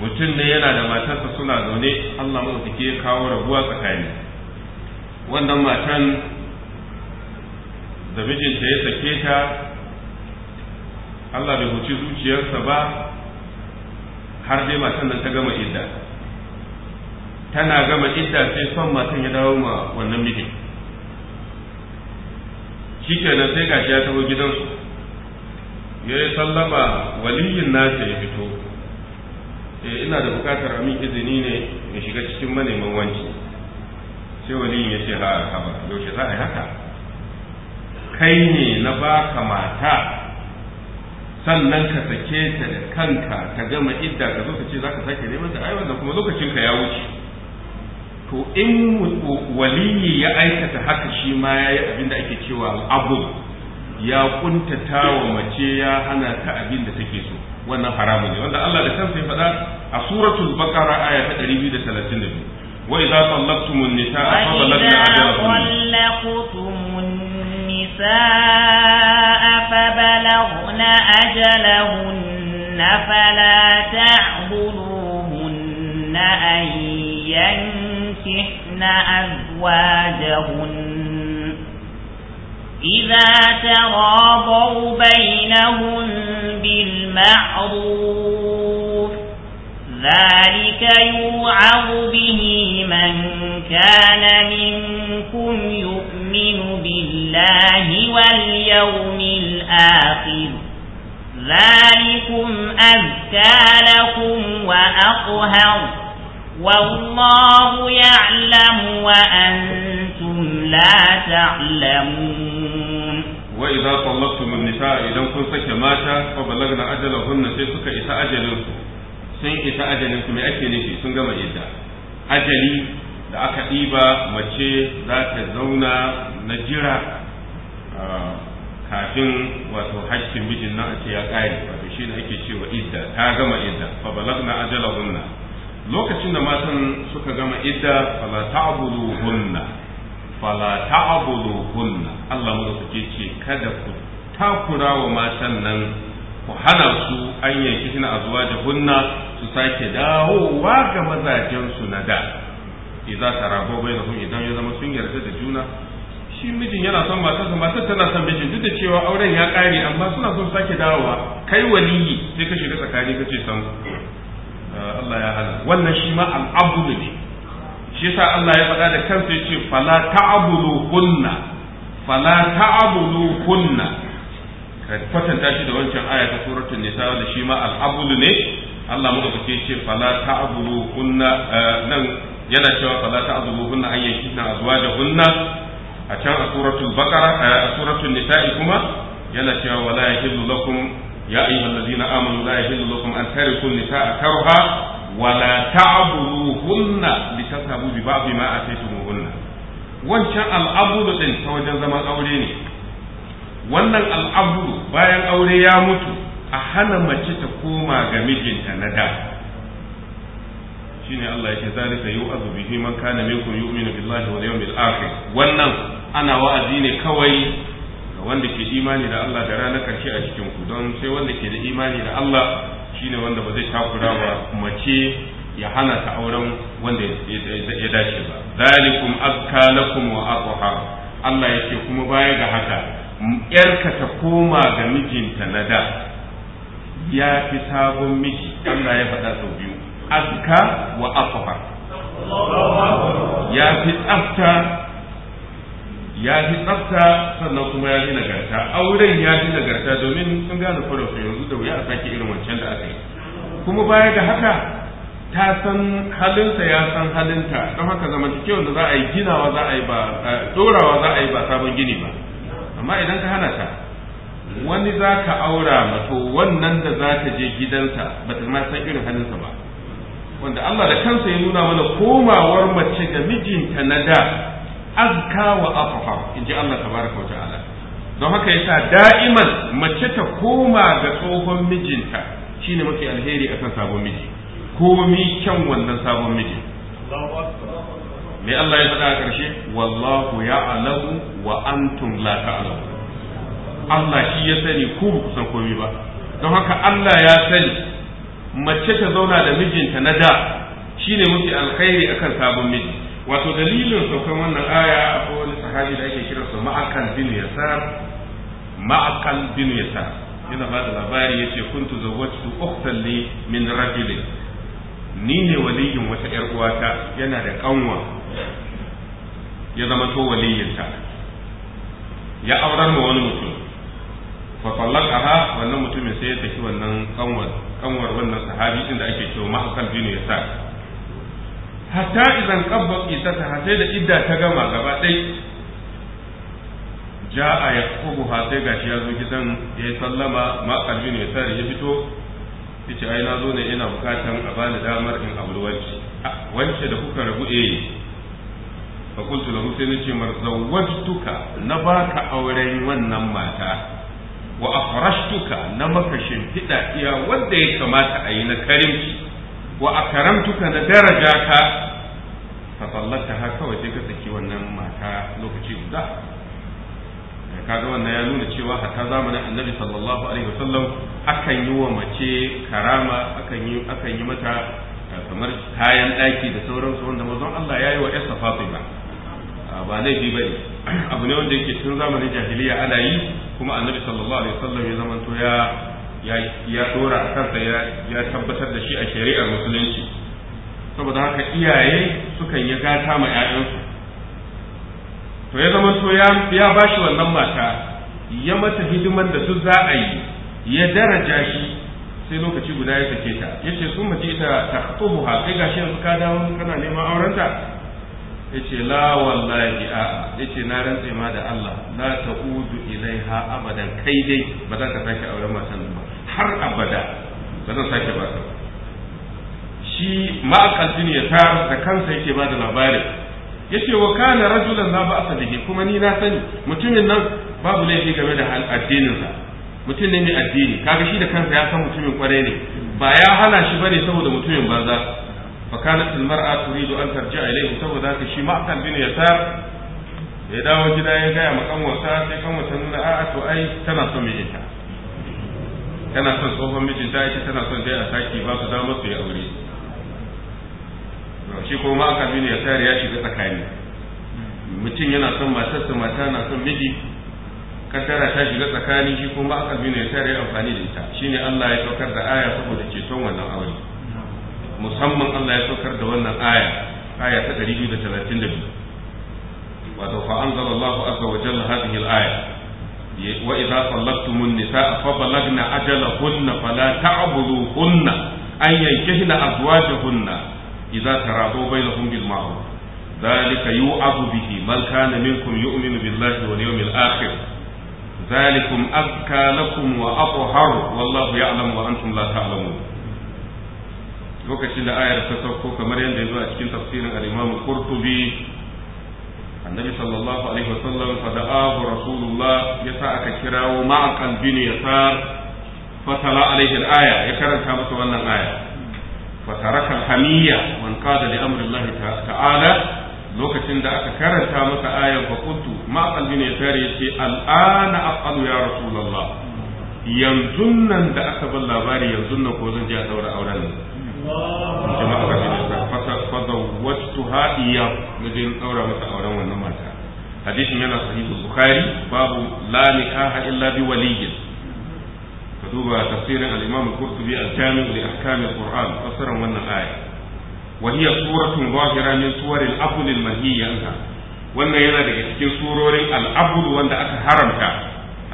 B: mutum ne yana da matarsa suna zaune Allah maɗaukaki ya kawo rabuwa tsakani wannan matan da mijinta ya sake ta Allah bai huci zuciyarsa ba har dai matan nan ta gama idda tana gama idda sai son matan ya dawo ma wannan mijin shikenan sai gashi ya taho gidansu ya yi sallama waliyin nasa ya fito Eh, ina da bukatar amin izini ne in shiga cikin maneman wanci sai wani ya ce ha haba yaushe za a yi haka kai ne na baka mata sannan ka sake ta da kanka ta gama idda ka zo ka ce za ka sake neman ta ai wannan kuma lokacinka ya wuce to in waliyi ya aikata haka shi ma ya yi abin da ake cewa abu ya kuntata wa mace ya hana ta abin da take so wannan haramun ne wanda Allah da kansa ya faɗa a suratul baqara aya ta 232 وإذا طلقتم النساء
A: فبلغن أجلهن فلا تعبدوهن أن ينكحن أزواجهن إذا تراضوا بينهم بالمعروف ذلك يوعظ به من كان منكم يؤمن بالله واليوم الآخر ذلكم أذكى لكم وأطهر والله يعلم وأنتم لا
B: تعلمون وإذا طلقتم النساء إذا كنت سكي ماتا فبلغنا أجلهن سيسك إساء أجلكم sun isa ajalinku mai ake nufi sun gama idda ajali da aka ɗiba mace za ta zauna na jira kafin wato haskin mijin nan a ce ya wato shi ne ake cewa idda ta gama idda fa balagna ajalahunna lokacin da matan suka gama idda fala hunna, fala hunna. Allah madaukake ce kada ku takura wa matan nan ku hana su an yanki shi na hunna, su sake dawowa ga mazajen su na da bai da bainahum idan ya zama sun yarda da juna shi mijin yana son matarsa matar tana son mijin duk da cewa auren ya kare amma suna son sake dawowa kai waliyi sai ka shiga tsakani kace san Allah ya hana wannan shi ma al'abudu ne shi yasa Allah ya faɗa da kansa yace fala ta'budu kunna fala ta'budu kunna ka kwatanta shi da wancan aya ta suratul nisa wanda shi ma al'abudu ne Allah mu da ce fala ta'budu kunna eh, nan yana cewa fala ta'budu kunna an da kunna a can a suratul baqara eh, a suratul nisa kuma yana cewa wala yahillu lakum يا أيها الذين آمنوا لا يحل لكم أن ترثوا النساء كرها ولا تعبدوهن لتذهبوا ببعض ما آتيتموهن wancan al'abudu din ta wajen zaman aure ne wannan al'abudu bayan aure ya mutu a hana mace ta koma ga mijinta na da shine Allah yake zalika yu'azu bihi man kana minkum yu'minu billahi wal yawmil akhir wannan ana wa'azi ne kawai wanda ke imani da Allah da ranar karshe a cikin ku don sai wanda ke da imani da Allah shine wanda ba zai takura wa mace ya hana ta auren wanda ya dace ba zalikum azka lakum wa athhar Allah yake kuma baya ga haka yarka ta koma ga mijinta na da ya fi sabon miji Allah ya faɗa sau biyu Aska wa athhar ya fi tsafta ya fi tsafta sannan kuma ya fi nagarta auren ya fi nagarta domin sun gane kuransu yanzu da wuya a sake irin wancan da aka yi kuma baya ga haka ta san halinsa ya san halinta don haka zamantakewar da za a yi ginawa za a yi ba dorawa za a yi ba sabon gini ba amma idan ka hana ta wani za ka aura mato wannan da za ta je gidansa ba ta ma san irin halinsa ba wanda Allah da kansa ya nuna mana komawar mace da mijinta na da azka wa afhar in ji Allah tabaraka wa ta'ala don haka yasa da'iman mace ta koma ga tsohon mijinta shine mafi alheri akan sabon miji komi kyan wannan sabon miji me Allah ya faɗa a ƙarshe wallahu ya'lamu wa antum la ta'lamu Allah shi ya sani ku ba ku san komai ba don haka Allah ya sani mace ta zauna da mijinta na da shine mafi alkhairi akan sabon miji wato dalilin saukan wannan aya ko wani sahabi da ake su ma'akal bin yasar ma'akal bin yasar yana ba da labari ya ce kuntu zawwatu ukhtan li min rajulin ni ne waliyin wata yar uwata yana da kanwa ya zama to waliyinta ya aurar ma wani mutum fa tallaqaha wannan mutumin sai ya tafi wannan kanwar kanwar wannan sahabi din da ake cewa ma'akal bin yasar hatta idan qabbat isata hatta da idda ta gama gaba dai ja'a yaqubuha sai gashi ya zo gidan ya sallama ma kalbi ne sai ya fito yace ai na zo ne ina bukatan a bani damar in aure wanci wance da kuka rabu eh fa kuntu lahu sai nace mar na baka auren wannan mata wa afrashtuka na maka shimfiɗa iya wanda ya kamata a yi na karimci wa a karamtuka na daraja ka fa fallata ha kawai sai ka saki wannan mata lokaci guda eh, kaga wannan ya nuna cewa hatta zamanin annabi sallallahu alaihi wasallam akan yi wa mace karama akan yi akan yi mata eh, kamar kayan daki da sauransu wanda mazan Allah ya yi wa Esther Fatima ah, ba laifi bane abu ne wanda yake tun zamanin jahiliya ana yi kuma annabi sallallahu alaihi wasallam ya zamanto ya ya dora a kansa ya tabbatar da shi a shari'ar musulunci saboda haka iyaye sukan yi gata ma 'ya'yansu to ya zama to ya ba shi wannan mata ya mata hidimar da duk za a yi ya daraja shi sai lokaci guda ya sake ta ya ce sun mace ta ta mu ha kai gashi yanzu ka dawo kana neman aurenta ya ce la wallahi a ya ce na rantse ma da Allah la ta udu ilaiha abadan kai dai ba za ka sake auren matan har abada ba zan sake ba ta shi ma'akasini ya tar da kansa yake ba da labarin ya ce wa kana rajulan la ba'sa bihi kuma ni na sani mutumin nan babu laifi game da addininsa mutum ne mai addini kaga shi da kansa ya san mutumin kwarai ne ba ya hana shi bane saboda mutumin banza fa kanat al mar'a turidu an tarji'a ilayhi saboda haka shi ma'akan ya tar ya dawo gida ya gaya ma wasa sai wata nuna a'a to ai tana son mai ita tana son tsohon mijinta ita tana son dai a saki ba su dama su yi aure shi ko ma aka ne ya tare ya shiga tsakani mutum yana son matarsa mata na son miji kaddara ta shiga tsakani shi kuma aka ne ya tare amfani da ita shine Allah ya saukar da aya saboda ceton wannan aure musamman Allah ya saukar da wannan aya aya ta 232 wato fa anzalallahu azza wa jalla hadhihi al-aya wa idza sallaktumun nisaa fa balagna ajalahunna fala ta'buduhunna an yankihna azwajahunna idza taradu bainahum bil ma'ruf ذلك يوعظ به من كان منكم يؤمن بالله واليوم الآخر ذلكم أزكى لكم وأطهر والله يعلم وأنتم لا تعلمون lokacin da ayar ta sauko kamar yadda ya zo a cikin tafsirin al kurtubi. annabi sallallahu alaihi wasallam fa da'ahu rasulullah sa aka kirawo ma'aqal bin yasar fa tala alaihi aya ya karanta masa wannan aya fa Hamiya al-hamiyya wa qada li amri Allah ta'ala lokacin da aka karanta masa ayan fa qultu ma'aqal bin yasar yace al'ana af'alu ya rasulullah yanzu nan da aka bar labari yanzu nan ko zan je a daura auren jama'a zawwajtuha iyyahu mijin daura masa auren wannan mata hadisin yana sahihu bukhari babu la nikaha illa bi waliyyin ka duba tafsirin al-imam al-qurtubi al-jami' li ahkam al-qur'an fasaran wannan aya wa hiya suratun zahira min suwar al-abd al-manhiya anha wannan yana daga cikin surorin al-abd wanda aka haramta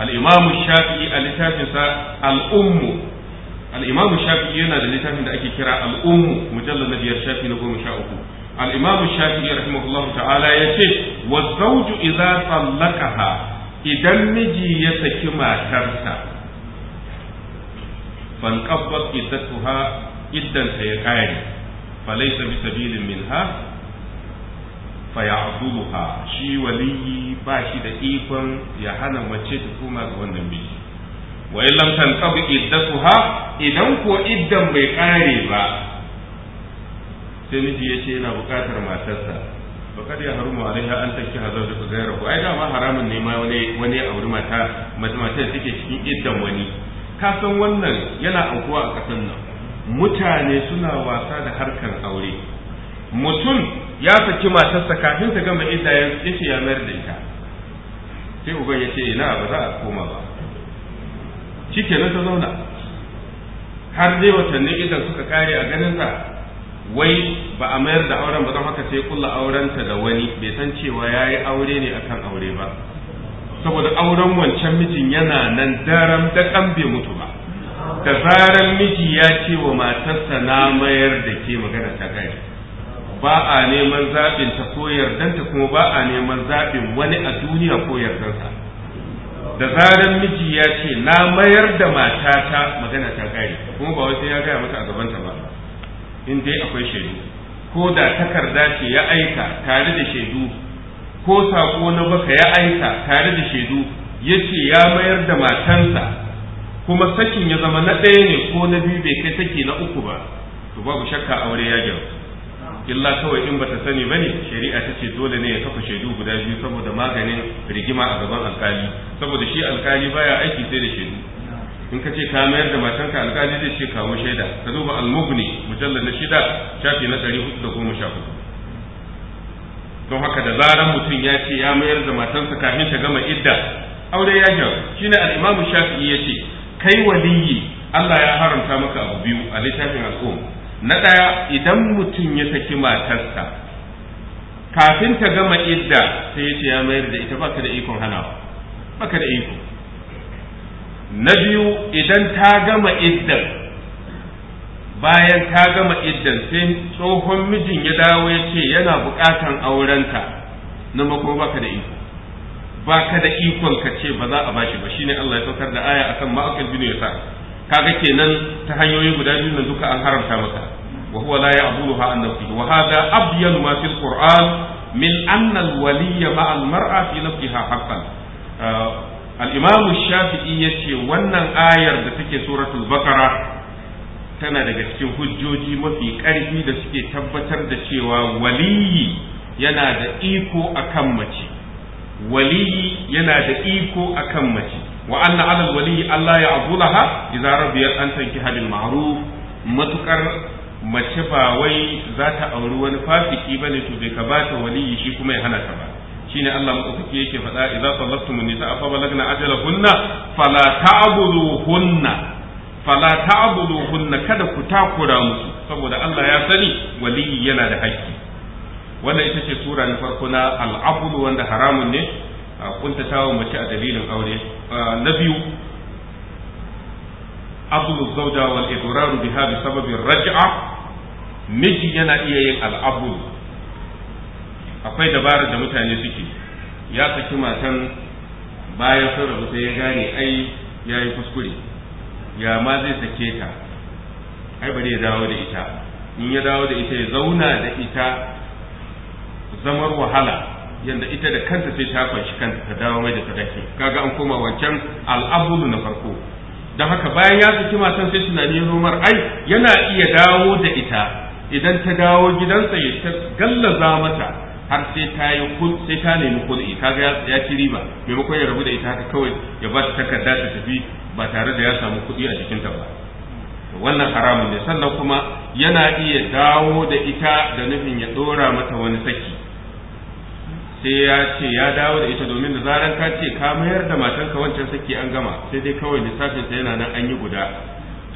B: al-imam shafi'i al-littafin sa al-umm al-imam shafi'i yana da littafin da ake kira al-umm mujallad na biyar shafi na goma sha uku al-imam shafi'i rahimahullahu ta'ala yace wa zawju idza tallaqaha idan miji ya saki matarsa fanqabbat iddatuha iddan ta ya kare falaysa bi sabilin minha fayazuha shi waliyi ba shi da ikon Yahana mace ta koma ga wannan miji wa illam tanqabi iddatuha idan kuwa iddan bai kare ba sai miji ya ce yana buƙatar matarsa faƙar ya haruma alaiha an taki hazar da gairar ku ai dama haramun ne ma wani wani auri mata da take cikin iddan wani ka san wannan yana aukuwa a ƙasar nan mutane suna wasa da harkar aure mutum ya saki matarsa kafin ta gama idda ya ce ya mayar da ita sai uban ya ce ina ba za a koma ba shikenan ta zauna har dai watannin idan suka kare a ganin sa wai ba a mayar da auren ba don haka sai kulla aurenta da wani bai san cewa ya yi aure ne akan aure ba saboda auren wancan mijin yana nan daram daƙan bai mutu ba da zaran miji ya ce wa matarsa na mayar da ke magana ta gani ba a neman zaɓin ta ko yardanta kuma ba a neman zaɓin wani a duniya ko yardansa
C: da zaran
B: miji ya ce na mayar da matata magana ta gani kuma ba wasu ya gaya mata a gabanta ba in dai akwai shaidu ko da takarda ce ya aika tare da shaidu ko sako na baka ya aika tare da shaidu ya ce ya mayar da matansa kuma sakin ya zama na ɗaya ne ko na biyu bai kai take na uku ba to babu shakka aure ya gyaru illa kawai in bata sani ba ne, shari'a ta ce dole ne ya kafa shaidu guda biyu saboda maganin rigima a gaban alkali saboda shi alkali baya aiki sai da shaidu in ka ce ka mayar da matanka alkali zai ce kawo shaida ka duba almugni mujallar na shida shafi na ɗari hudu da goma sha hudu don haka da zaran mutum ya ce ya mayar da matansa kafin ta gama idda aure ya jawo shine al-imamu Shafi ya ce kai waliyi Allah ya haramta maka abu biyu a littafin al'um na ɗaya idan mutum ya saki matarsa kafin ta gama idda sai ya ce ya mayar da ita baka da ikon hana baka da iko na biyu idan ta gama iddan bayan ta gama iddan sai tsohon mijin ya dawo ya ce yana bukatan aurenta na mako baka da iko baka da ikon ka ce ba za a bashi ba shine Allah ya saukar da aya akan ma'akal bin yasa kaga kenan ta hanyoyi guda biyu nan duka an haramta maka wa huwa la ya'buduha an nafsi wa hada abyan ma fil qur'an min anna al waliy ma'a al mar'a fi nafsiha haqqan al shafi'i shafi'i ce wannan ayar da take suratul bakara tana daga cikin hujjoji mafi ƙarfi da suke tabbatar da cewa waliyi yana da iko akan mace waliyi yana da iko akan mace wa anna alal waliyi Allah ya abulaha Iza rabiyat an tankiha halin ma'ruf matukar mace ba wai za ta auri wani fasiki bane to bai ka bata waliyi shi kuma ya hana ta ba shine Allah madaukaki yake faɗa idza sallatu nisa fa balagna ajalahunna fala ta'buduhunna fala ta'buduhunna kada ku takura musu saboda Allah ya sani wali yana da haƙƙi wanda ita ce sura na farko na al'abulu wanda haramun ne a kuntatawa mace a dalilin aure na biyu abdul zauja wal idraru biha bi sababin raj'a miji yana iya yin al'abulu akwai dabarar da mutane suke ya saki matan bayan sun rabu sai ya gane ai ya yi kuskure ya ma zai sake ta ai bari ya dawo da ita in ya dawo da ita ya zauna da ita zamar wahala yanda ita da kanta sai ta kwanci kanta ta dawo mai da sadaki kaga an koma wancan al'abulu na farko don haka bayan ya saki matan sai tunani romar ai yana iya dawo da ita idan ta dawo gidansa ya gallaza mata har sai ta yi sai ta nemi kul'i kaga ya ci riba maimakon ya rabu da ita haka kawai ya ba ta takarda ta tafi ba tare da ya samu kuɗi a jikinta ba wannan haramun ne sannan kuma yana iya dawo da ita da nufin ya ɗora mata wani saki sai ya ce ya dawo da ita domin da zaran ka ce ka mayar da matanka wancan saki an gama sai dai kawai sa yana nan an yi guda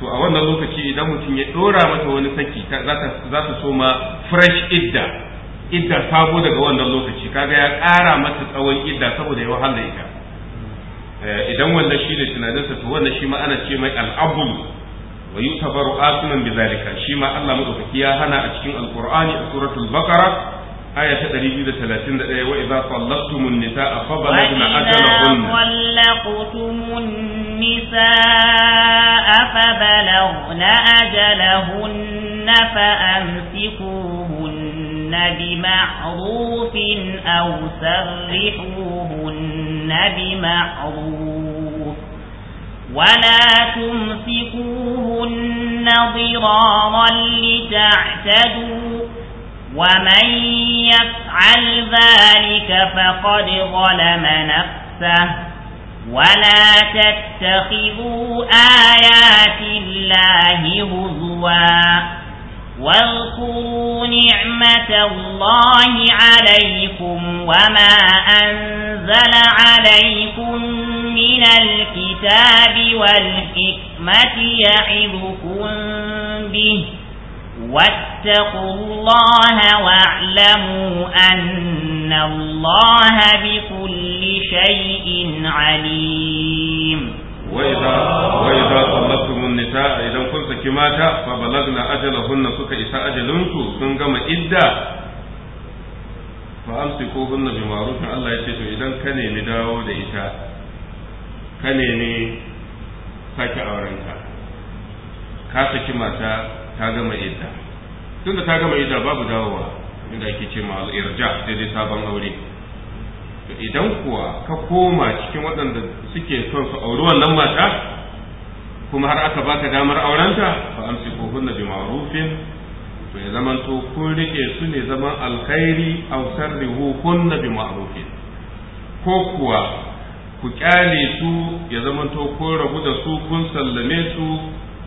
B: to a wannan lokaci idan mutum ya dora mata wani saki za ta soma fresh idda idda sabo daga wannan lokaci kaga ya ƙara mata tsawon idda saboda ya wahala ita eh, idan wannan shi ne tunaninsa to wannan shi ma ana ce mai al'abul wa yutabaru asiman bizalika shi ma Allah madaukaki ya hana a cikin alqur'ani a suratul baqara آية تدريب إذا ثلاثين وإذا طلقتم النساء فبلغن أجلهن
A: وإذا طلقتم النساء فبلغن أجلهن فأمسكوهن فأتوهن بمعروف أو سرحوهن بمعروف ولا تمسكوهن ضرارا لتعتدوا ومن يفعل ذلك فقد ظلم نفسه ولا تتخذوا آيات الله هزواً واذكروا نعمة الله عليكم وما أنزل عليكم من الكتاب والحكمة يعظكم به واتقوا الله واعلموا أن الله بكل شيء عليم wa idza
B: wa idza talaqtum nisaa idan kun saki mata fa balagna ajalahunna suka isa ajalinsu sun gama idda fa amsi amsikuhunna bi ma'ruf Allah ya ce to idan ka nemi dawo da ita ka nemi saki aurenka ka saki mata ta gama idda tunda ta gama idda babu dawowa inda ake ce ma al-irja sai dai sabon aure idan kuwa ka koma cikin waɗanda suke son su auri wannan mata kuma har aka baka damar aurenta fa amsikuhunna bi ma'rufin to ya zaman to kun rike su ne zaman alkhairi aw na bi ma'rufin ko kuwa ku kyale su ya zaman to kun rabu da su kun sallame su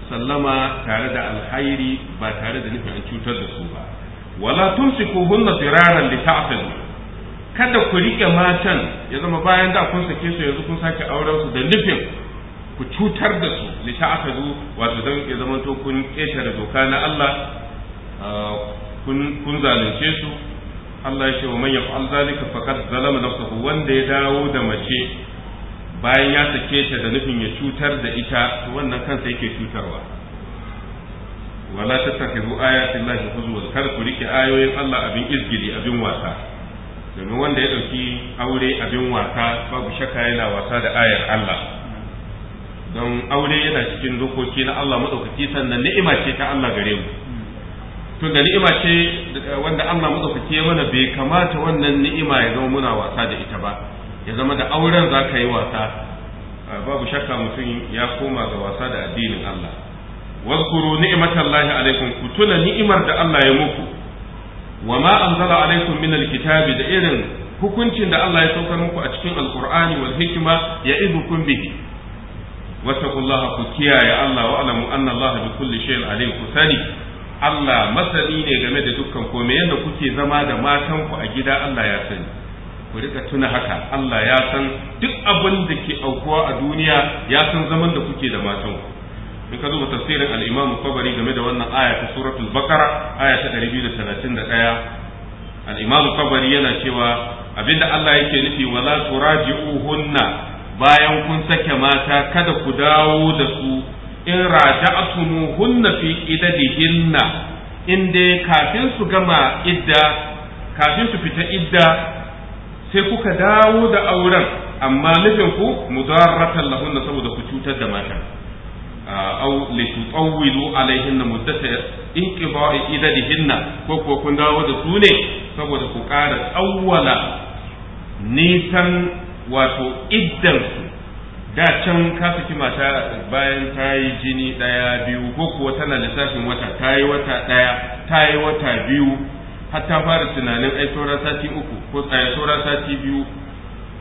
B: sallama tare da alkhairi ba tare da nufin an cutar da su ba wala tumsikuhunna firaran li ta'tadu kada ku rike matan ya zama bayan da kun sake su yanzu kun sake auren su da nufin ku cutar da su aka zo wato dan ya zama to kun da doka na Allah kun kun zalunce su Allah ya ce wa man yaf'al zalika faqad zalama nafsuhu wanda ya dawo da mace bayan ya sake ta da nufin ya cutar da ita to wannan kansa yake cutarwa wala tattakhidhu ayati huzwa kar ku rike ayoyin Allah abin izgili abin wasa domin wanda ya ɗauki aure abin wasa babu shakka yana wasa da ayar Allah don aure yana cikin dokoki na Allah maɗaukaki sannan ni'ima ce ta Allah gare mu to da ni'ima ce wanda Allah maɗaukaki ya mana bai kamata wannan ni'ima ya zama muna wasa da ita ba ya zama da auren za ka yi wasa ah, babu shakka mutum ya koma ga wasa da addinin Allah wazkuru ni'matallahi alaikum ku tuna ni'imar da Allah ya muku wa ma anzala alaikum min alkitabi da irin hukuncin da Allah ya saukar muku a cikin alqur'ani wal hikma ya'idukum bihi wattaqullaha ku kiyaye Allah wa alamu anna Allah bi kulli shay'in alim ku sani Allah masani ne game da dukkan komai yadda kuke zama da matan ku a gida Allah ya sani ku rika tuna haka Allah ya san duk abin da ke aukuwa a duniya ya san zaman da kuke da matan ku in ka zuba tafsirin al-Imam game da wannan aya ta suratul bakara aya ta da ɗaya. imam Tabari yana cewa abinda Allah yake nufi wala turaji'uhunna bayan kun sake mata kada ku dawo da su in hunna fi idadihinna in dai kafin su gama idda kafin su fita idda sai kuka dawo da auren amma nufin ku mudarratan lahunna saboda ku cutar da mata. أو لتطولوا عليهن مدة انقضاء إذنهن كوكو كن داود سوني saboda ku ƙara tsawwala nisan wato iddansu da can ka saki mata bayan ta yi jini ɗaya biyu ko kuwa tana lissafin wata ta yi wata ɗaya ta yi wata biyu har ta fara tunanin ai saura sati uku ko tsaye saura sati biyu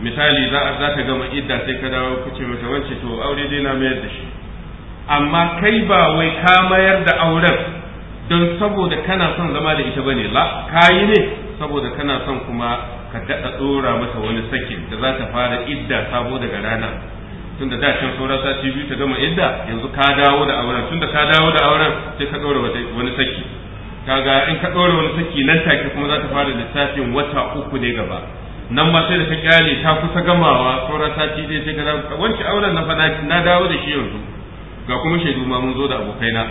B: misali za ta gama idda sai ka dawo kuce mata wance to aure dai na mayar da shi amma kai ba wai ka mayar da auren don saboda kana son zama da ita bane la yi ne saboda kana son kuma ka daɗa ɗora mata wani sakin da za ta fara idda sabo daga rana tunda da can saura sati biyu ta gama idda yanzu ka dawo da auren tunda ka dawo da auren sai ka ɗora wani saki kaga in ka ɗora wani saki nan take kuma za ta fara lissafin wata uku ne gaba nan ma sai da ka kyale ta kusa gamawa saura sati dai sai ka wanke auren na fa na dawo da shi yanzu ga kuma shaidu ma mun zo da abokaina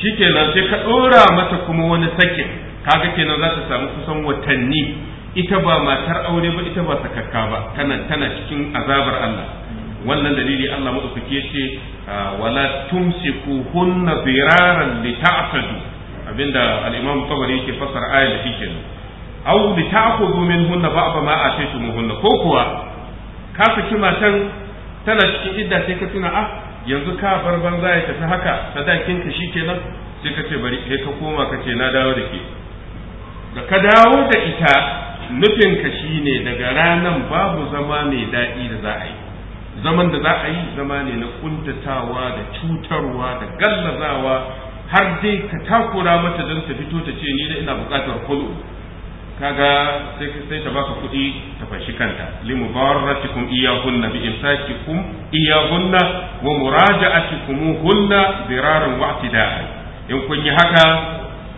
B: shikenan sai ka ɗora mata kuma wani sakin kaga kenan za ta samu kusan watanni ita ba matar aure ba ita ba sakakka ba tana tana cikin azabar Allah wannan dalili Allah madaukake ce ah, wala tumsiku hunna biraran li ta'tadu abinda al-Imam Tabari yake fassara ayat da yake aw li ta'khudhu minhunna ba'd ma ataytumuhunna ko kuwa ka saki matan tana cikin idda sai ka tuna ah yanzu ka bar banza ya tafi haka sadakin ka shikenan sai ka ce bari kai ka koma ka ce na dawo da ke da ka dawo da ita nufin ka shine daga ranan babu zama mai daɗi da za a yi zaman da za a yi zama ne na kuntatawa da cutarwa da gallazawa har dai ka takura mata don ta fito ta ce ni da ina buƙatar kulu kaga sai sai ta baka kuɗi ta fashi kanta li mudarratikum iyahunna bi imsakikum iyahunna wa muraja'atikumunna diraran wa i'tida'an in kun yi haka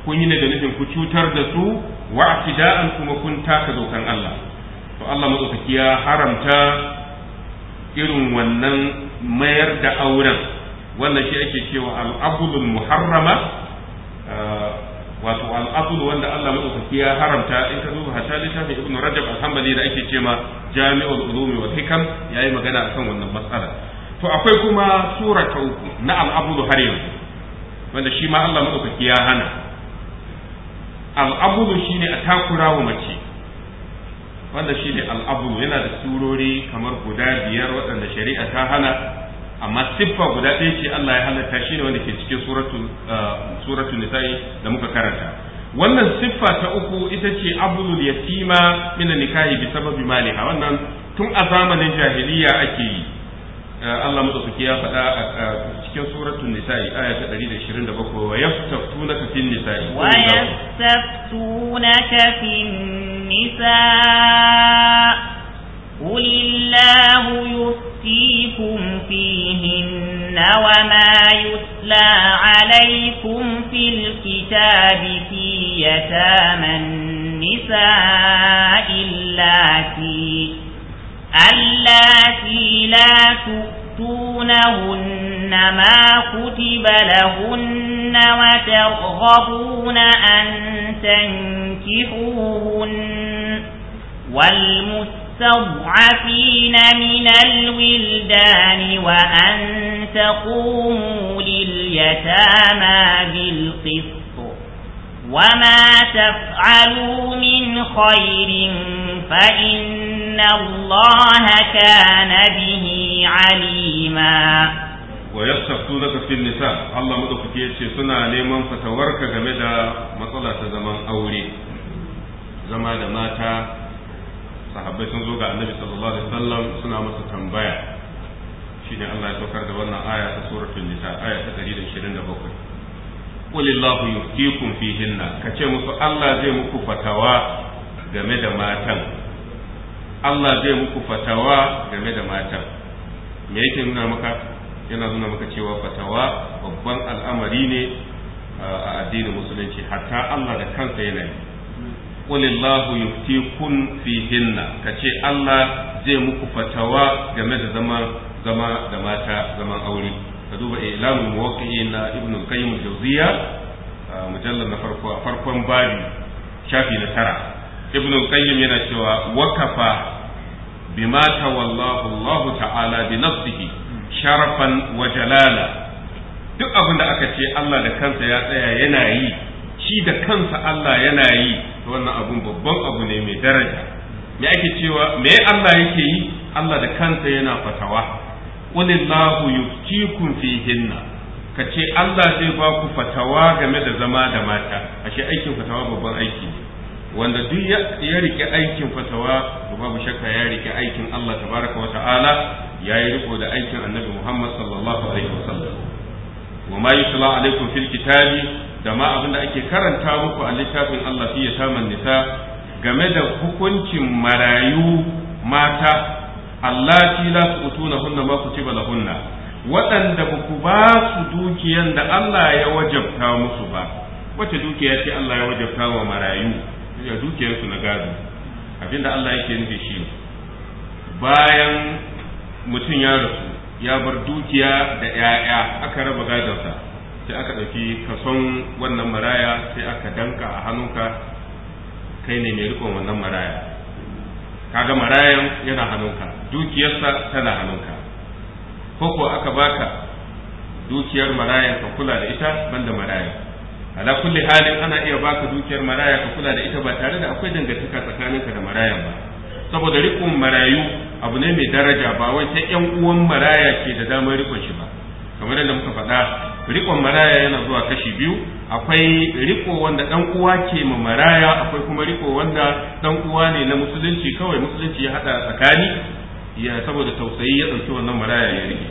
B: kun yi ne da nufin ku cutar da su wa i'tida'an kuma kun taka dokan Allah to Allah madaukaki ya haramta irin wannan mayar da auren wannan shi ake cewa al-abdul muharrama wato al'aqlu wanda Allah ya haramta in ka duba hatta littafin ibn rajab al-hanbali da ake cema jami'ul ulumi wal hikam yayi magana akan wannan matsala to akwai kuma sura ta uku na al'aqlu har yanzu wanda shi ma Allah ya hana al'aqlu shine a takura wa mace wanda shine al'aqlu yana da surori kamar guda biyar waɗanda shari'a ta hana amma siffa guda ɗaya ce Allah ya halatta shi ne wanda ke cikin suratu uh, nisa'i da muka karanta wannan siffa ta uku ita ce abdul yatima min nikahi bi sababi maliha wannan tun a zamanin jahiliya ake yi uh, Allah madaukaki ya faɗa a cikin suratul nisa'i aya ta 127 wa yaftafunaka fin nisa'i wa
A: yaftafunaka fin nisa'i قل الله يفتيكم فيهن وما يتلى عليكم في الكتاب في يتامى النساء اللاتي اللاتي لا تؤتونهن ما كتب لهن وترغبون أن تنكحوهن والمسلمين المستضعفين من الولدان وأن تقوموا لليتامى بالقسط وما تفعلوا من خير فإن الله كان به عليما
B: ويستفتونك في النساء الله في يتشي سنة لمن فتورك جميلة مطلة زمان أولي زمان ماتا sahabbai sun zo ga annabi sallallahu alaihi wasallam suna masa tambaya shine Allah ya saukar da wannan aya ta suratul nisa aya ta 127 قل الله يفتيكم فيهن kace musu Allah zai muku fatawa game da matan Allah zai muku fatawa game da matan me yake nuna maka yana nuna maka cewa fatawa babban al'amari ne a addinin musulunci hatta Allah da kansa yana yi qulillahu yuftikun fihinna kace Allah zai muku fatawa game da zama zama da mata zaman aure ka duba ilamul muwaqqi'in na ibn qayyim al-jawziyya farko a farkon babi shafi na tara ibn qayyim yana cewa wakafa bima Wallahu, Allah ta'ala bi nafsihi sharafan wa jalala duk abin da aka ce Allah da kansa ya tsaya yana yi shi da kansa Allah yana yi wannan abun babban abu ne mai daraja me ake cewa me Allah yake yi Allah da kansa yana fatawa qul illahu yuftikum fihinna kace Allah zai ba ku fatawa game da zama da mata ashe aikin fatawa babban aiki ne wanda duk ya rike aikin fatawa to babu shakka ya rike aikin Allah tabaraka wata'ala ya yi riko da aikin annabi Muhammad sallallahu alaihi wasallam wa ma yusla alaikum fil kitabi da ma abin da ake karanta muku a littafin Allah fiye saman nisa game da hukuncin marayu mata ci la tu'tunahunna ci kutiba hunna waɗanda ba ku ba su dukiyan da Allah ya wajabta musu ba wacce dukiya ce Allah ya wajabta wa marayu dukiyar dukiyarsu na gado abinda Allah yake nufi shi bayan mutum ya rasu ya bar dukiya da 'ya'ya aka raba gadonsa sai aka ɗauki kason wannan maraya sai aka danka a hannunka kai ne mai rikon wannan maraya kaga marayan yana hannunka dukiyarsa tana hannunka ko ko aka baka dukiyar marayan ka kula da ita banda marayan ala kulli halin ana iya baka dukiyar maraya ka kula da ita ba tare da akwai dangantaka tsakaninka da marayan ba saboda rikon marayu abu ne mai daraja ba wai sai yan uwan maraya ke da damar rikon shi ba kamar yadda muka faɗa rikon maraya yana zuwa kashi biyu akwai riko wanda dan uwa ke ma maraya akwai kuma riko wanda dan uwa ne na musulunci kawai musulunci ya hada tsakani ya saboda tausayi ya dauki wannan maraya ya rike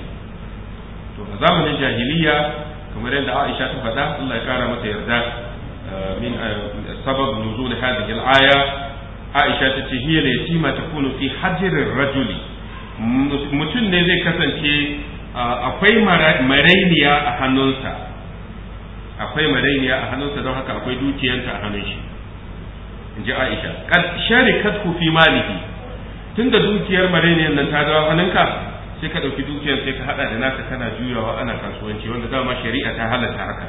B: to a zamanin jahiliya kamar yadda Aisha ta faɗa Allah ya kara mata yarda min sabab nuzul hadhihi al-aya Aisha ta ce hiya la yatima takunu fi hajrir rajuli mutum ne zai kasance akwai marainiya a hannunsa akwai marainiya a hannunsa don haka akwai dukiyanta a hannun shi in ji aisha kad sharikat ku fi maliki tunda dukiyar marainiyan nan ta dawo hannunka sai ka ɗauki dukiyar sai ka haɗa da naka kana juyawa ana kasuwanci wanda dama shari'a ta halatta haka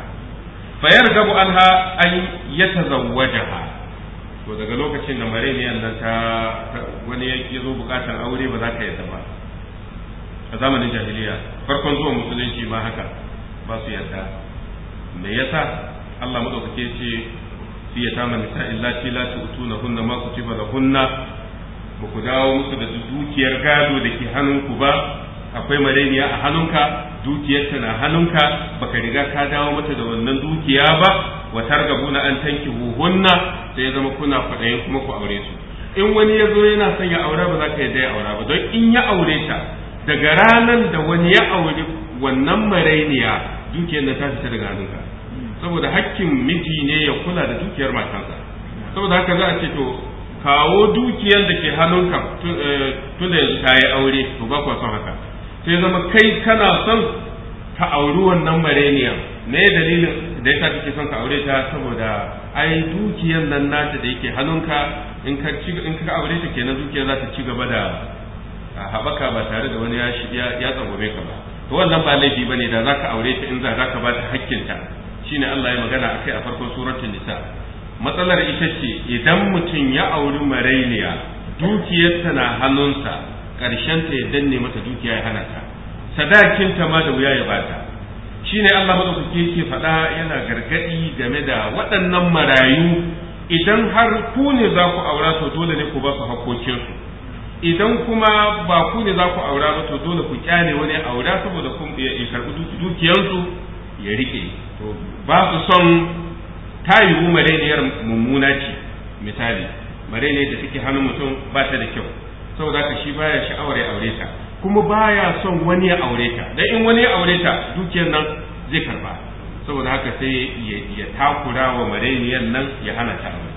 B: fayar gabu anha an yatazawwajaha to daga lokacin da marainiyan nan ta wani ya zo bukatar aure ba za ka yadda ba a zamanin jahiliya farkon zuwa musulunci ma haka ba su yarda me yasa Allah madaukake ce fi ya tama nisa illati la tu'tuna hunna ma kutiba lahunna ba ku dawo musu da dukiyar gado da ke hannunku ba akwai mareniya a hannunka dukiyarta na hannunka baka riga ka dawo mata da wannan dukiya ba wa na an tanki huhunna sai ya zama kuna kwaɗayin kuma ku aure su in wani ya zo yana son ya aura ba za ka yadda ya aura ba don in ya aure ta daga ranar da wani ya auri wannan marainiya dukiyar na ta fita daga hannunka saboda hakkin miji ne ya kula da dukiyar matansa saboda haka za a ce to kawo dukiyar da ke hannunka eh, tun da yanzu ta yi aure to ba kwa son haka sai zama kai kana son ka auri wannan Na ne dalilin da yasa kake son ka aure ta saboda ai dukiyar nan nata da yake hannunka in ka aure ta kenan dukiyar za ta ci gaba da A habaka ba tare da wani ya tsangwame ka ba to wannan ba laifi bane da zaka aure ta in za zaka ba ta ta shine Allah ya magana akai a farkon suratul nisa matsalar ita ce idan mutum ya auri marainiya dukiyarta na hannunsa karshen ta ya danne mata dukiya ya hana ta sadakin ta ma da wuya ya bata shine Allah madaukake yake faɗa yana gargadi game da waɗannan marayu idan har ku ne za ku aura to dole ne ku ba su hakkokinsu idan kuma ba ku ne za ku aura ba to dole ku kyale wani aura saboda kun ya karbi dukiyarsu ya rike to ba su son ta yiwu mareniyar mummuna ce misali mareniyar da take hannun mutum ba ta da kyau saboda ka shi baya sha'awar ya aure ta kuma baya son wani ya aure ta dan in wani ya aure ta dukiyar nan zai karba saboda haka sai ya takura wa mareniyar nan ya hana ta aure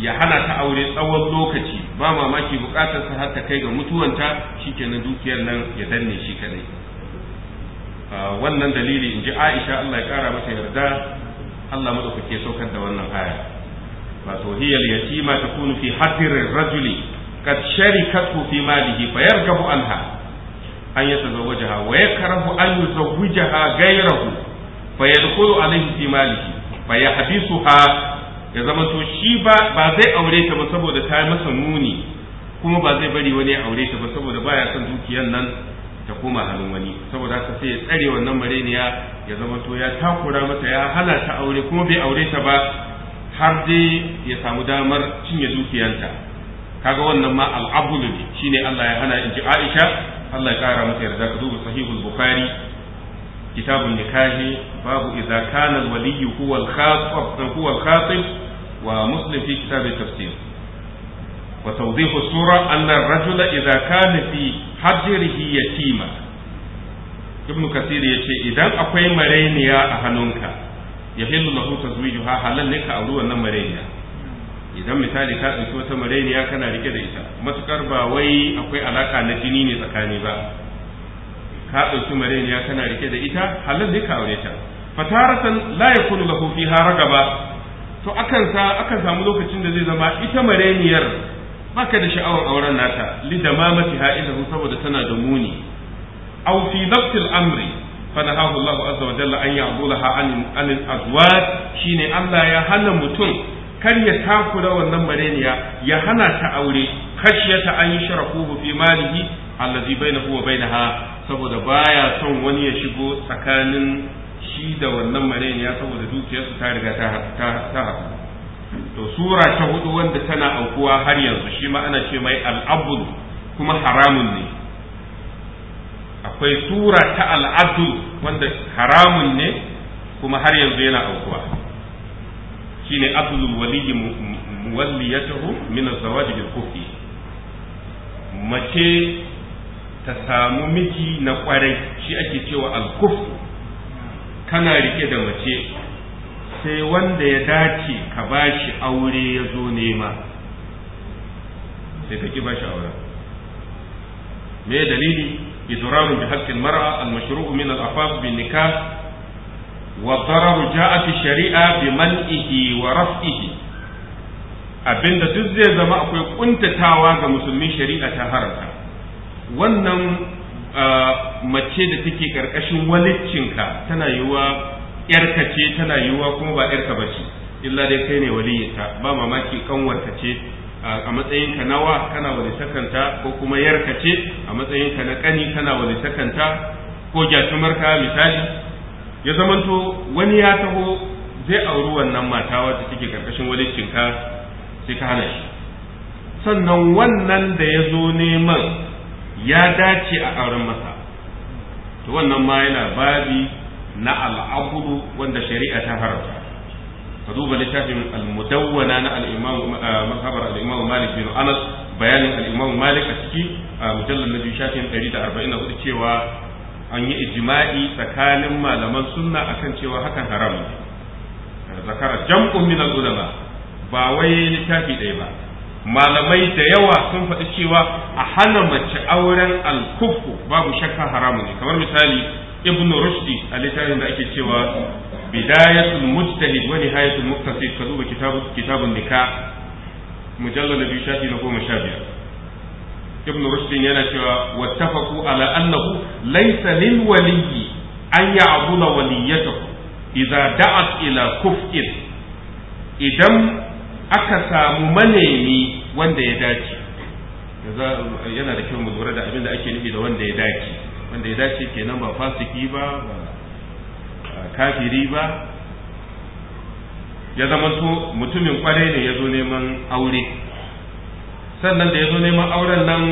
B: ya hana ta aure tsawon lokaci ba mamaki bukatar sa har ta kai ga mutuwanta shikenan dukiyar nan ya danne shi kadai ah, wannan dalili in ji Aisha Allah ya kara mata yarda Allah mu madaukake saukar da wannan aya wato hiyal yatima takunu fi hatir rajuli قد شركته في ماله فيرغب عنها أن يتزوجها ويكره an يزوجها غيره فيدخل عليه في ماله فيحبسها ya zama to shi ba zai aure ta ba saboda ta yi masa muni kuma ba zai bari wani ya aure ta ba saboda baya son dukiyan nan ta koma halin wani saboda haka sai ya tsare wannan mareniya ya zama to ya takura mata ya halarta aure kuma bai aure ta ba har dai ya samu damar cinye dukiyanta kaga wannan ma al'abulu ne shine Allah ya hana in ji Aisha Allah ya kara mata yarda ka duba sahihul bukhari kitabun nikahi babu idza kana al-waliy huwa al-khatib huwa al-khatib wa muslim fi kitab ya tafsir wa tawdih as-sura anna ar-rajula idza kana fi hajrihi ibn kasir yace idan akwai mareniya a hannunka yahillu lahu tazwijuha halal ne ka auri wannan mareniya idan misali ka ɗauki wata mareniya kana rike da ita matukar ba wai akwai alaka na jini ne tsakani ba ka ɗauki mareniya kana rike da ita halal ne ka aure ta fataratan la yakunu lahu fiha ragaba to akan sa akan samu lokacin da zai zama ita mareniyar baka da sha'awar auren nata li damamati ha'ilahu saboda tana da muni aw fi dabtil amri fanahahu Allah azza wa jalla an ya'dulaha an an azwaj shine Allah ya hana mutum kar ya takura wannan mareniya ya hana ta aure khashiyata an yushrakuhu fi malihi allazi bainahu wa bainaha saboda baya son wani ya shigo tsakanin shi da wannan mareniya saboda dukiyarsu ta riga ta haɗu to sura ta hudu wanda tana aukuwa har yanzu shi ma ana ce mai al'abul kuma haramun ne akwai sura ta wanda haramun ne kuma har yanzu yana aukuwa shine abdul waliyyi muwalliyatuhu min az kufi mace ta samu miji na kwarai shi ake cewa alkuf kana rike da mace sai wanda ya dace ka bashi aure ya zo nema sai ka ki bashi aure me dalili idrarun bi haqqil mar'a al-mashru'u min al-afaf bi nikah wa darar ja'a fi shari'a bi man'ihi wa raf'ihi abinda duk zai zama akwai kuntatawa ga musulmin shari'a ta haramta wannan mace da take karkashin waliccinka tana yiwuwa yarka ce tana yiwuwa kuma ba yarka ba ce illa dai kai ne waliyyata ba mamaki kanwarka ce a matsayinka nawa kana walitakanta ko kuma yarka ce a matsayinka na kani kana walitakanta ko gyatumar ka misali ya zamanto wani ya taho zai auri wannan mata wacce take karkashin waliccinka sai ka hana shi sannan wannan da ya zo neman ya dace a auren masa to wannan ma yana babi na al'abudu wanda shari'a ta haramta ka duba littafin al-mudawwana na al-imam eh, mahabar al-imam Malik bin Anas bayanin al-imam Malik a ciki mujallal na shafin 144 cewa an yi ijma'i tsakanin malaman sunna akan cewa hakan haram ne zakara jam'un min al-ulama ba wai littafi ɗaya ba malamai da yawa sun faɗi cewa a hana mace auren alkufu babu shakka haramu ne kamar misali ibn rushdi a littafin da ake cewa bidayatul mujtahid wa nihayatul muqtasid ka duba kitabu kitabun nikah mujallal biyu shafi na goma sha biyar ibn rushdi yana cewa wattafaqu ala annahu laysa lil waliyyi an ya'budu waliyatahu idza da'at ila kuf'in idan aka samu manemi wanda ya dace yana da kyau mu lura da abin da ake nufi da wanda ya dace wanda ya dace kenan ba fasiki ba ba kafiri ba ya zama so mutumin kwarai ne ya zo neman aure sannan da ya zo neman auren nan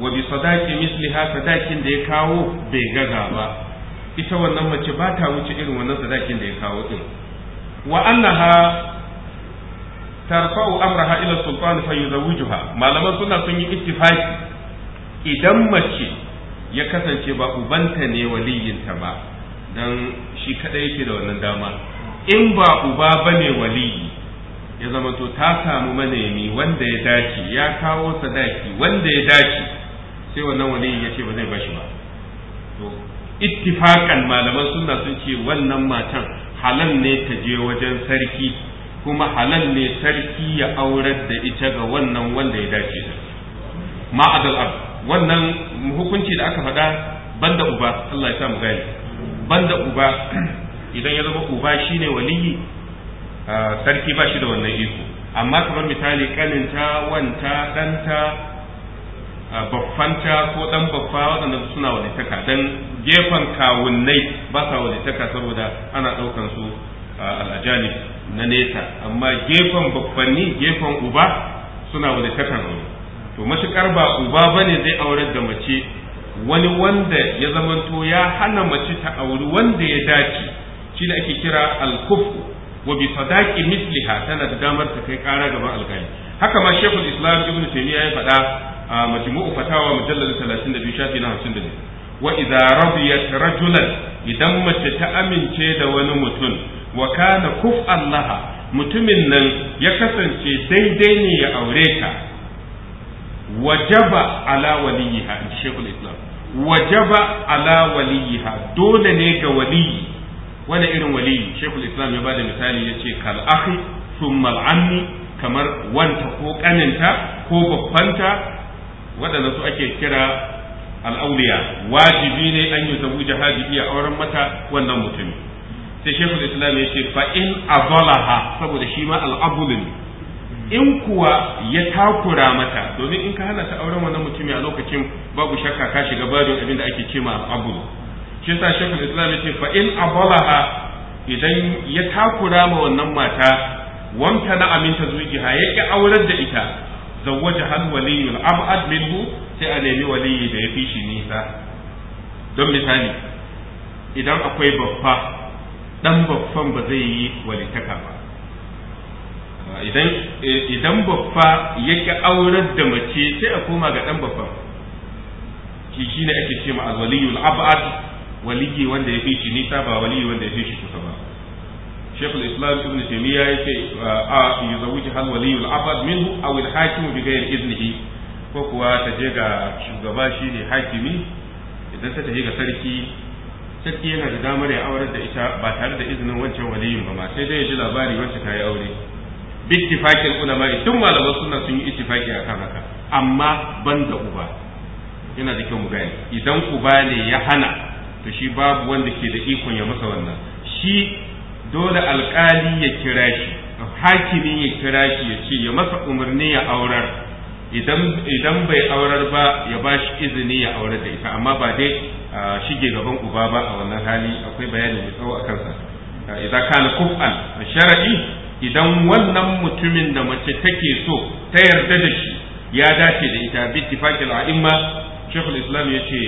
B: wa bi sadaki misliha sadakin da ya kawo bai gaga ba ita wannan mace ba ta wuce irin wannan sadakin da ya kawo din wa annaha tarfa'u amraha ila sultan fa yuzawijuha malaman suna sun yi ittifaki idan mace ya kasance ba ubanta ne waliyinta ba dan shi kadai yake da wannan dama in ba uba bane waliyi ya zama to ta samu manemi wanda ya dace ya kawo sadaki wanda ya dace sai wannan waliyi ya ce ba zai bashi ba to ittifaqan malaman sunna sun ce wannan matan halal ne ta je wajen sarki kuma halal ne sarki ya aurar da ita ga wannan wanda ya dace da. adal ab wannan hukunci da aka faɗa banda uba Allah ya sa mu gani banda uba idan ya zama uba shine waliyi sarki ba shi da wannan iko amma kamar misali kaninta wanta danta baffanta ko dan baffa waɗanda suna walitaka dan gefen kawunnai ba sa walitaka saboda ana ɗaukan su al'ajanib na nesa amma gefen babbanni gefen uba suna wadatakar aure to mashikar ba uba bane zai aurar da mace wani wanda ya zamanto ya hana mace ta auri wanda ya dace shi da ake kira alkufu wa bi sadaqi misliha tana da damar ta kai ƙara gaban alkali haka ma shekul islam ibnu taymiya ya faɗa a majmu'u fatawa mujallal 32 shafi na 52 wa idza radiyat rajulan idan mace ta amince da wani mutum wa kana kuf'an laha mutumin nan ya kasance daidai ne ya aure ta wajaba ala waliyiha shekul islam wajaba ala waliyiha dole ne ga waliyi wani irin waliyi shekul islam ya bada misali ya ce kal akhi thumma al kamar wanta ko kaninta ko babbanta waɗanda su ake kira al'auliya wajibi ne an yi zabu jihadi iya auren mata wannan mutumin sai shekul islam ya ce fa in azalaha saboda shi ma al’abulin in kuwa ya takura mata domin in ka hana ta auren wannan mutumi a lokacin babu shakka ka shiga barin abin da ake cema abul shi sa shekul islam ya ce fa in azalaha idan ya takura ma wannan mata wanta na aminta zuciya ya ki aurar da ita zawwaja hal waliyul ab'ad minhu sai a nemi waliyi da ya fi shi nisa don misali idan akwai babba dan babban ba zai yi walitaka ba idan idan babba yake aurar da mace sai a koma ga dan babban shi ne ake ce ma alwaliyul abad waliyi wanda ya fi shi nisa ba waliyi wanda ya fi shi kusa ba شيخ الاسلام hal waliyul يزوجها minhu الابد منه او bi بغير iznihi ko kuwa ta je ga shugaba shi ne hakimi idan ta tafi ga sarki sarki yana da damar ya aurar da ita ba tare da izinin wancan waliyin ba ma sai dai ya ji labari wacce ta yi aure bittifakin ulama tun malaman suna sun yi ittifaki akan haka amma ban da uba yana da kyau mu gane idan uba ne ya hana to shi babu wanda ke da ikon ya masa wannan shi dole alkali ya kira shi hakimin ya kira shi ya ce ya masa umarni ya aurar idan bai aurar ba ya ba shi izini ya aurar da ita amma ba dai shige gaban uba ba a wannan hali akwai bayani mai tsawo akan sa idan kana kuf'an shar'i idan wannan mutumin da mace take so ta yarda da shi ya dace da ita bi ittifaqil a'imma Sheikhul Islam yace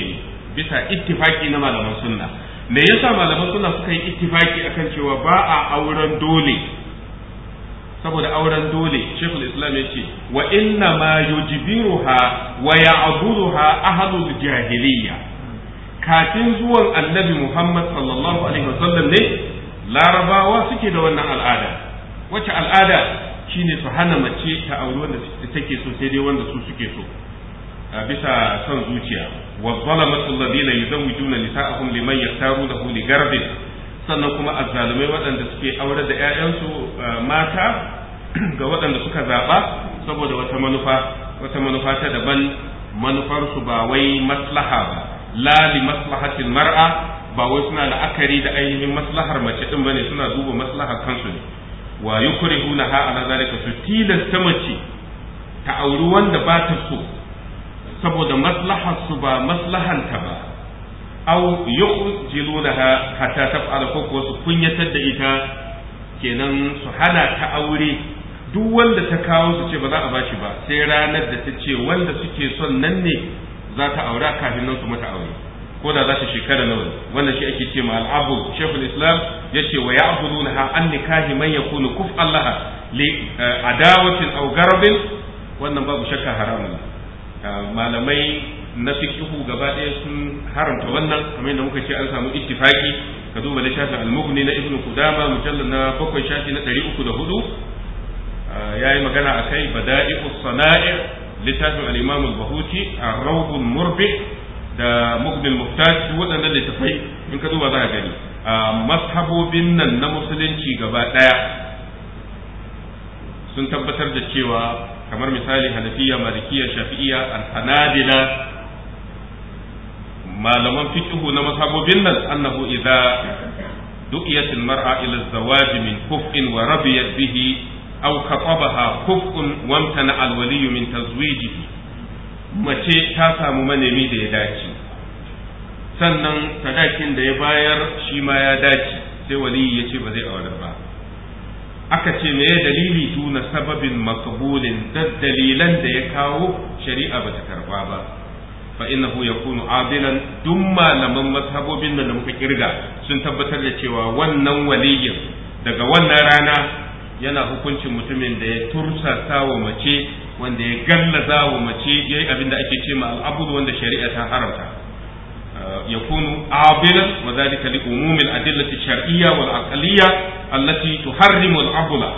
B: bisa ittifaqi na malaman sunna me yasa malaman sunna suka yi ittifaqi akan cewa ba a auren dole saboda auren dole shekul islam ya ce wa inna ma yujbiruha wa ya'buduha ahlul jahiliya kafin zuwan annabi Muhammad sallallahu alaihi wasallam ne larabawa suke da wannan al'ada wacce al'ada shine su hana mace ta auri wanda take so sai dai wanda su suke so a bisa son zuciya wa zalama alladhina yuzawwijuna nisa'ahum liman yaktaru lahu li garbin sannan kuma azzalumai waɗanda suke aure da ƴaƴansu mata ga waɗanda suka zaɓa saboda wata manufa wata manufa ta daban manufarsu ba wai maslaha ba la li maslahatil mar'a ba wai suna la'akari da ainihin maslahar mace din bane suna duba maslahar kansu ne wa yukrihuna ha ala zalika su tilasta mace ta auri wanda ba ta so saboda maslahar su ba maslahanta ba aw laha hatta taf'ala ko ko su kunyatar da ita kenan su hana ta aure duk wanda ta kawo su ce ba za a ba shi ba sai ranar da ta ce wanda suke son nan ne za ta aura kafin nan su mata aure ko da za ta shekara nawa wannan shi ake ce ma al'abu shekul islam ya ce wa ya'buduna ha an nikahi man yakunu kuf allaha li eh, adawatin aw garabin wannan babu shakka haramun eh, malamai na fiqhu gaba ɗaya sun haramta wannan kamar yadda muka ce an samu ittifaki ka duba littafin al-mughni na ibnu qudama mujallal na bakwai shafi na 304 eh, yayi magana akai bada'i'us sana'i' littafin al-imam al-bahuti ar-rawd murbi da muqbil muhtaj duk waɗannan littafai in ka duba za ka gani mashabobin nan na musulunci gaba ɗaya sun tabbatar da cewa kamar misali hanafiya malikiya shafi'iya al-hanabila malaman fiqhu na mashabobin nan annahu idza du'iyat al-mar'a ila az-zawaj min kuf'in wa rabiyat bihi aw khatabaha kufun wamtana alwaliyu min tazwijihi mace ta samu manemi da ya dace sannan sadakin da ya bayar shi ma ya dace sai waliyi ya ce ba zai aure ba aka ce me ya dalili tuna sababin makabulin da dalilan da ya kawo shari'a ba ta karba ba fa innahu yakunu adilan duk malaman mazhabobin da muka kirga sun tabbatar da cewa wannan waliyin daga wannan rana yana hukuncin mutumin da ya tursasa wa mace wanda ya gallaza wa mace ya yi abin da ake ce ma al'abud wanda shari'a ta haramta uh, ya kunu abilan wa zalika li umumil adillati shar'iyya wal aqliyya allati tuharrimu al'abula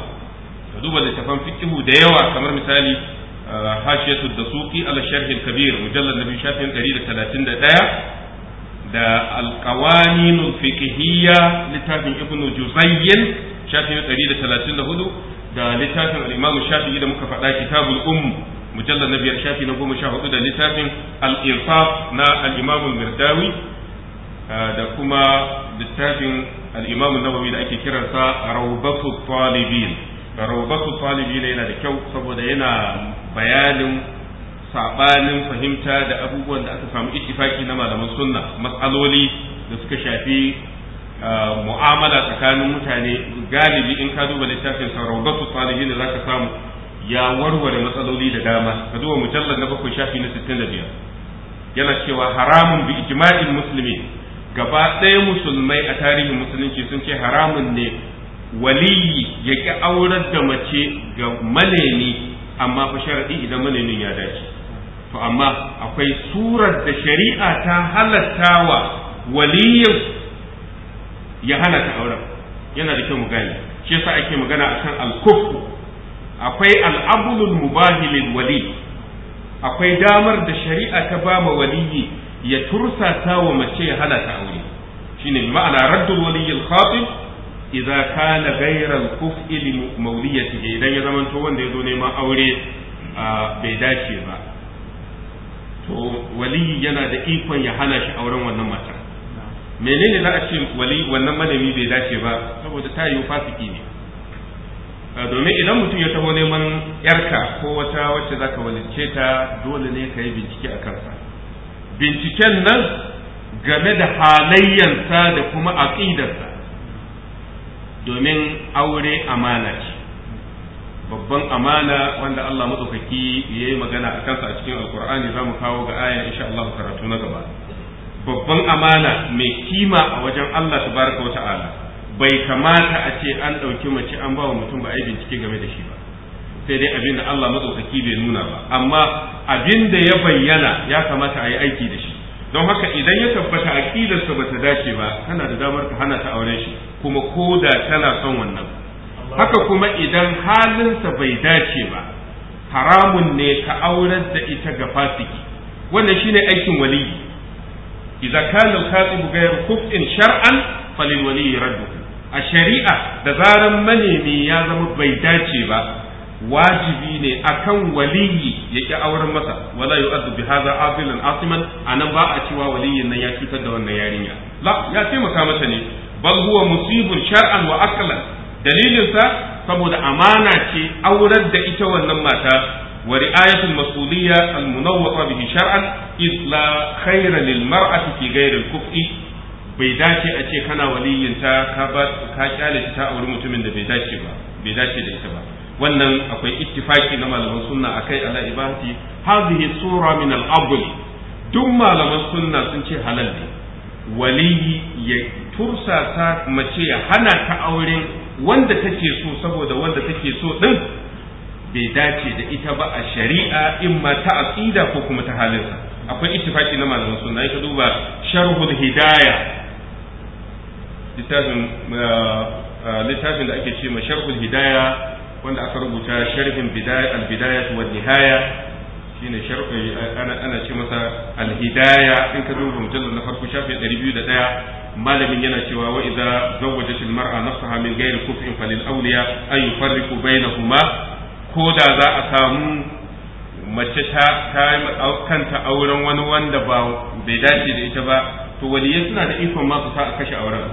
B: ka duba littattafan fiqhu da yawa kamar misali uh, hashiyatu dasuqi ala sharh al-kabir mujallad nabi shafin 131 da alƙawaninul fiqhiyya littafin ibnu juzayyin shafi na ɗari da talatin da hudu da littafin al'imamu shafi da muka faɗa kitabul umm mujallar na biyar shafi na goma sha hudu da littafin al'insaf na al'imamu mirdawi ah, da kuma littafin al'imamu nawawi da ake kiransa raubatu talibin raubatu talibin yana da kyau saboda yana bayanin saɓanin fahimta da abubuwan da aka samu ittifaki na malaman sunna matsaloli da suka shafi mu'amala tsakanin mutane galibi in ka duba littafin sa rawdatu salihin da ka samu ya warware matsaloli da dama ka duba mujallar na bakwai shafi na 65 yana cewa haramun bi musulmi gaba ɗaya musulmai a tarihin musulunci sun ce haramun ne waliyi ya ƙi aurar da mace ga maleni amma fa sharaɗi idan malenin ya dace to amma akwai surar da shari'a ta wa waliyin ya hana ta auren yana da kyau mu gane shi yasa ake magana akan al kufu akwai al-abdul mubahi wali akwai damar da shari'a ta ba ma waliyi ya tursata wa mace ya hana ta aure shine ma'ana raddul waliy al-khatib idza kana ghayra al kufi li mawliyatihi idan ya zamanto wanda ya zo neman aure bai dace ba to waliyi yana da ikon ya hana shi auren wannan mata menene za a ce wali wannan malami bai dace ba saboda ta yiwu fasiki ne ah, domin idan mutum ya taho neman yarka ko wata wacce za ka walice ta dole ne ka yi bincike a kansa binciken nan game da halayyansa da kuma aƙidarsa domin aure amana ce babban amana wanda Allah matsaukaki ya yi magana a kansa a cikin alkur'ani za mu kawo ga aya insha Allah karatu na gaba babban amana mai kima a wajen Allah tabaraka wa ta'ala bai kamata a ce an ɗauki mace an bawa mutum ba a yi bincike game da shi ba sai dai abin da Allah matsaukaki bai nuna ba amma abin da ya bayyana ya kamata a yi aiki da shi don haka idan ya tabbata aqidar sa bata dace ba kana da damar ka hana ta auren shi kuma ko da tana son wannan haka kuma idan halinsa bai dace ba haramun ne ka aurar da ita ga fasiki wannan shine aikin waliyi idza kana al-khatib kuf'in shar'an falil wali a shari'a da zaran manemi ya zama bai dace ba wajibi ne akan waliyi ya ƙi auren masa wala yu'addu bi hadha adilan asiman nan ba a cewa waliyin nan ya cutar da wannan yarinya la ya taimaka masa ne bal huwa musibun shar'an wa aqlan dalilinsa saboda amana ce aurar da ita wannan mata ورعاية المسؤولية المنوطة به شرعا إذ لا خير للمرأة في غير الكفء bai dace a ce kana waliyinta ka ba ka kyale ta auri mutumin da bai dace ba dace da ita ba wannan akwai ittifaki na malaman sunna akai ala ibahati hadhihi sura min al-abl duk malaman sunna sun ce halal ne waliyi ya tursasa mace ya hana ta auren wanda take so saboda wanda take so din bai dace da ita ba a shari'a in ma ta aqida ko kuma ta halinsa akwai ittifaki na malaman sunna ka duba sharhul hidaya littafin uh, uh, littafin da ake ce ma sharhul hidaya
C: wanda aka rubuta sharhin bidaya al bidaya wa nihaya shine sharhi ana ana ce masa al hidaya in ka duba mujallal na farko shafi 201
B: malamin yana cewa wa idza zawwajat al mar'a nafsaha min ghairi kufrin falil awliya ay yufarriqu bainahuma ko da za a samu mace ta yi kanta auren wani wanda ba bai dace da ita ba to waliyai suna da ikon ma su sa a kashe auren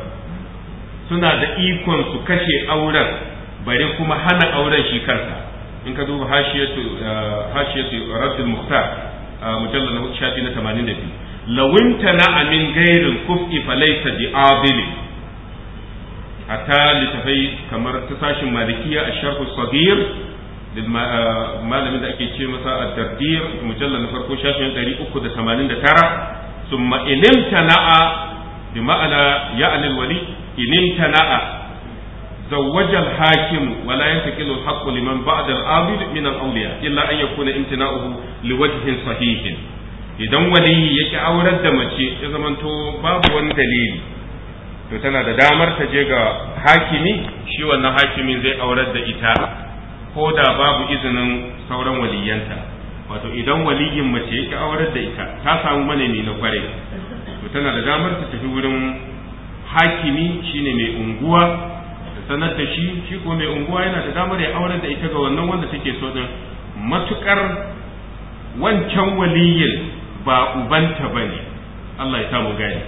B: suna da ikon su kashe auren bare kuma hana auren shi kansa in ka duba hashiyatu uh, hashiyatu rasul muhtar uh, mujallal na shafi na 82 lawinta na amin gairin kufi falaita bi abili ta littafai kamar ta sashin malikiya a sharhu sagir Ah, malamin da ake ce masa a tardir mujallar na farko shashin 389 summa inim tana'a bi ma'ana ya alil wali inim tana'a zawwaja hakim wa la yantaqilu al liman ba'da al abid min al awliya illa an yakuna imtina'uhu li wajhin sahihin idan wali yake aurar da mace ya zamanto babu wani dalili to tana da damar ta je ga hakimi shi wannan hakimin zai aurar da ita ko da babu izinin sauran waliyanta wato idan waliyin mace yake aurar da ita ta samu manemi na kware to tana da damar ta tafi wurin hakimi shine mai unguwa ta sanar da shi shi ko mai unguwa yana da damar ya aurar da ita ga wannan wanda take so din matukar wancan waliyin ba ubanta bane Allah ya samu gani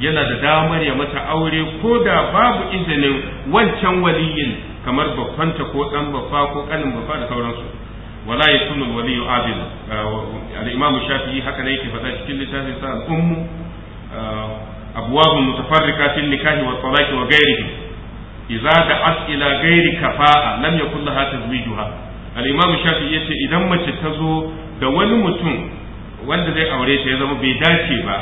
B: yana da damar ya mata aure ko da babu izinin wancan waliyin kamar ta ko dan babba ko kanin babba da sauransu wala yakunu alwali adil uh, al-imam shafi'i haka ne yake faɗa cikin littafin sa al-ummu uh, abwab mutafarriqa fil nikah wa talaq wa ghairihi idza da'at ila ghairi kafa'a lam yakun laha tazwijuha al-imam shafi'i yace idan mace ta zo da wani mutum wanda zai aure ta ya zama bai dace ba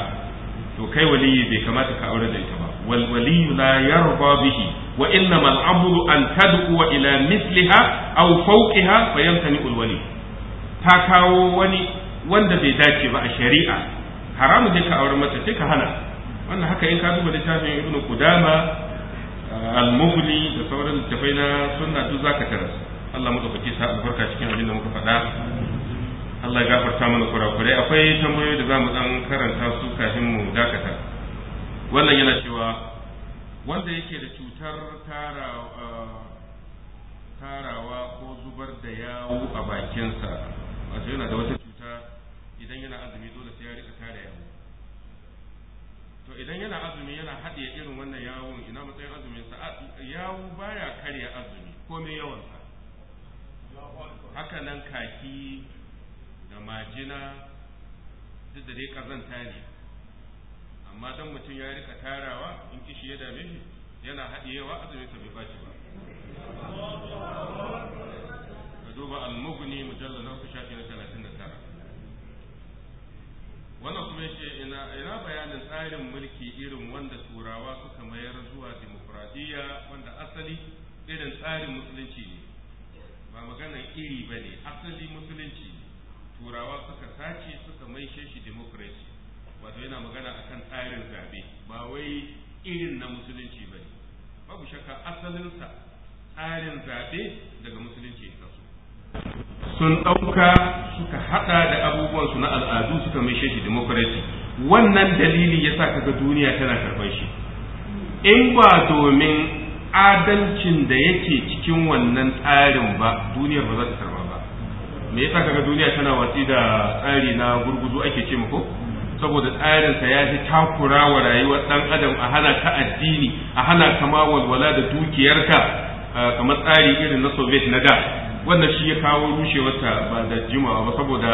B: to kai waliyi bai kamata ka aure da ita ba wal waliyu la yarda bihi wa innamal amru an tad'u ila misliha aw fawqiha fayamtani ulwali ta kawo wani wanda bai dace ba a shari'a haramu dai ka aure mace sai ka hana wannan haka in ka duba littafin ibn qudama al-mughni da sauran littafai na sunna duk zaka taras Allah muka fice sa albarka cikin abin da muka faɗa Allah ya gafarta mana kurakurai akwai tambayoyi da zamu dan karanta su kafin mu dakata wannan yana cewa wanda yake da cutar uh, tarawa ko zubar da yawo a bakinsa wato yana da wata cuta idan yana azumi dole sai ya rika tara yawo to idan yana azumi yana haɗiye irin wannan yawon ina matsayin azumin sa yawo baya karya azumi ko komai yawansa haka nan kaki da majina duk da dai kazanta ne amma dan mutum ya rika tarawa in kishi ya dame shi yana haɗiyewa azumi sa bai bashi ba ka duba al-mughni mujallal na shafi na 39 wannan kuma yace ina ina bayanin tsarin mulki irin wanda turawa suka mayar zuwa demokradiyya wanda asali irin tsarin musulunci ne ba maganar iri bane asali musulunci turawa suka sace suka maishe shi demokrasi wato yana magana akan tsarin zabe ba wai irin na musulunci ba ne babu shakka asalinsa tsarin zaɓe daga musulunci ya sun ɗauka suka haɗa da abubuwan su na al'adu suka mai shi demokarasi wannan dalili ya sa kaga duniya tana karɓar shi in ba domin adalcin da yake cikin wannan tsarin ba duniyar ba za ta karɓa ba me yasa kaga duniya tana watsi da tsari na gurguzu ake ce ko saboda tsarinsa ya fi takura wa rayuwar ɗan adam a hana ka addini a hana ka ma walwala da dukiyarka kamar tsari irin na soviet na da wannan shi ya kawo rushewarta ba da jimawa ba saboda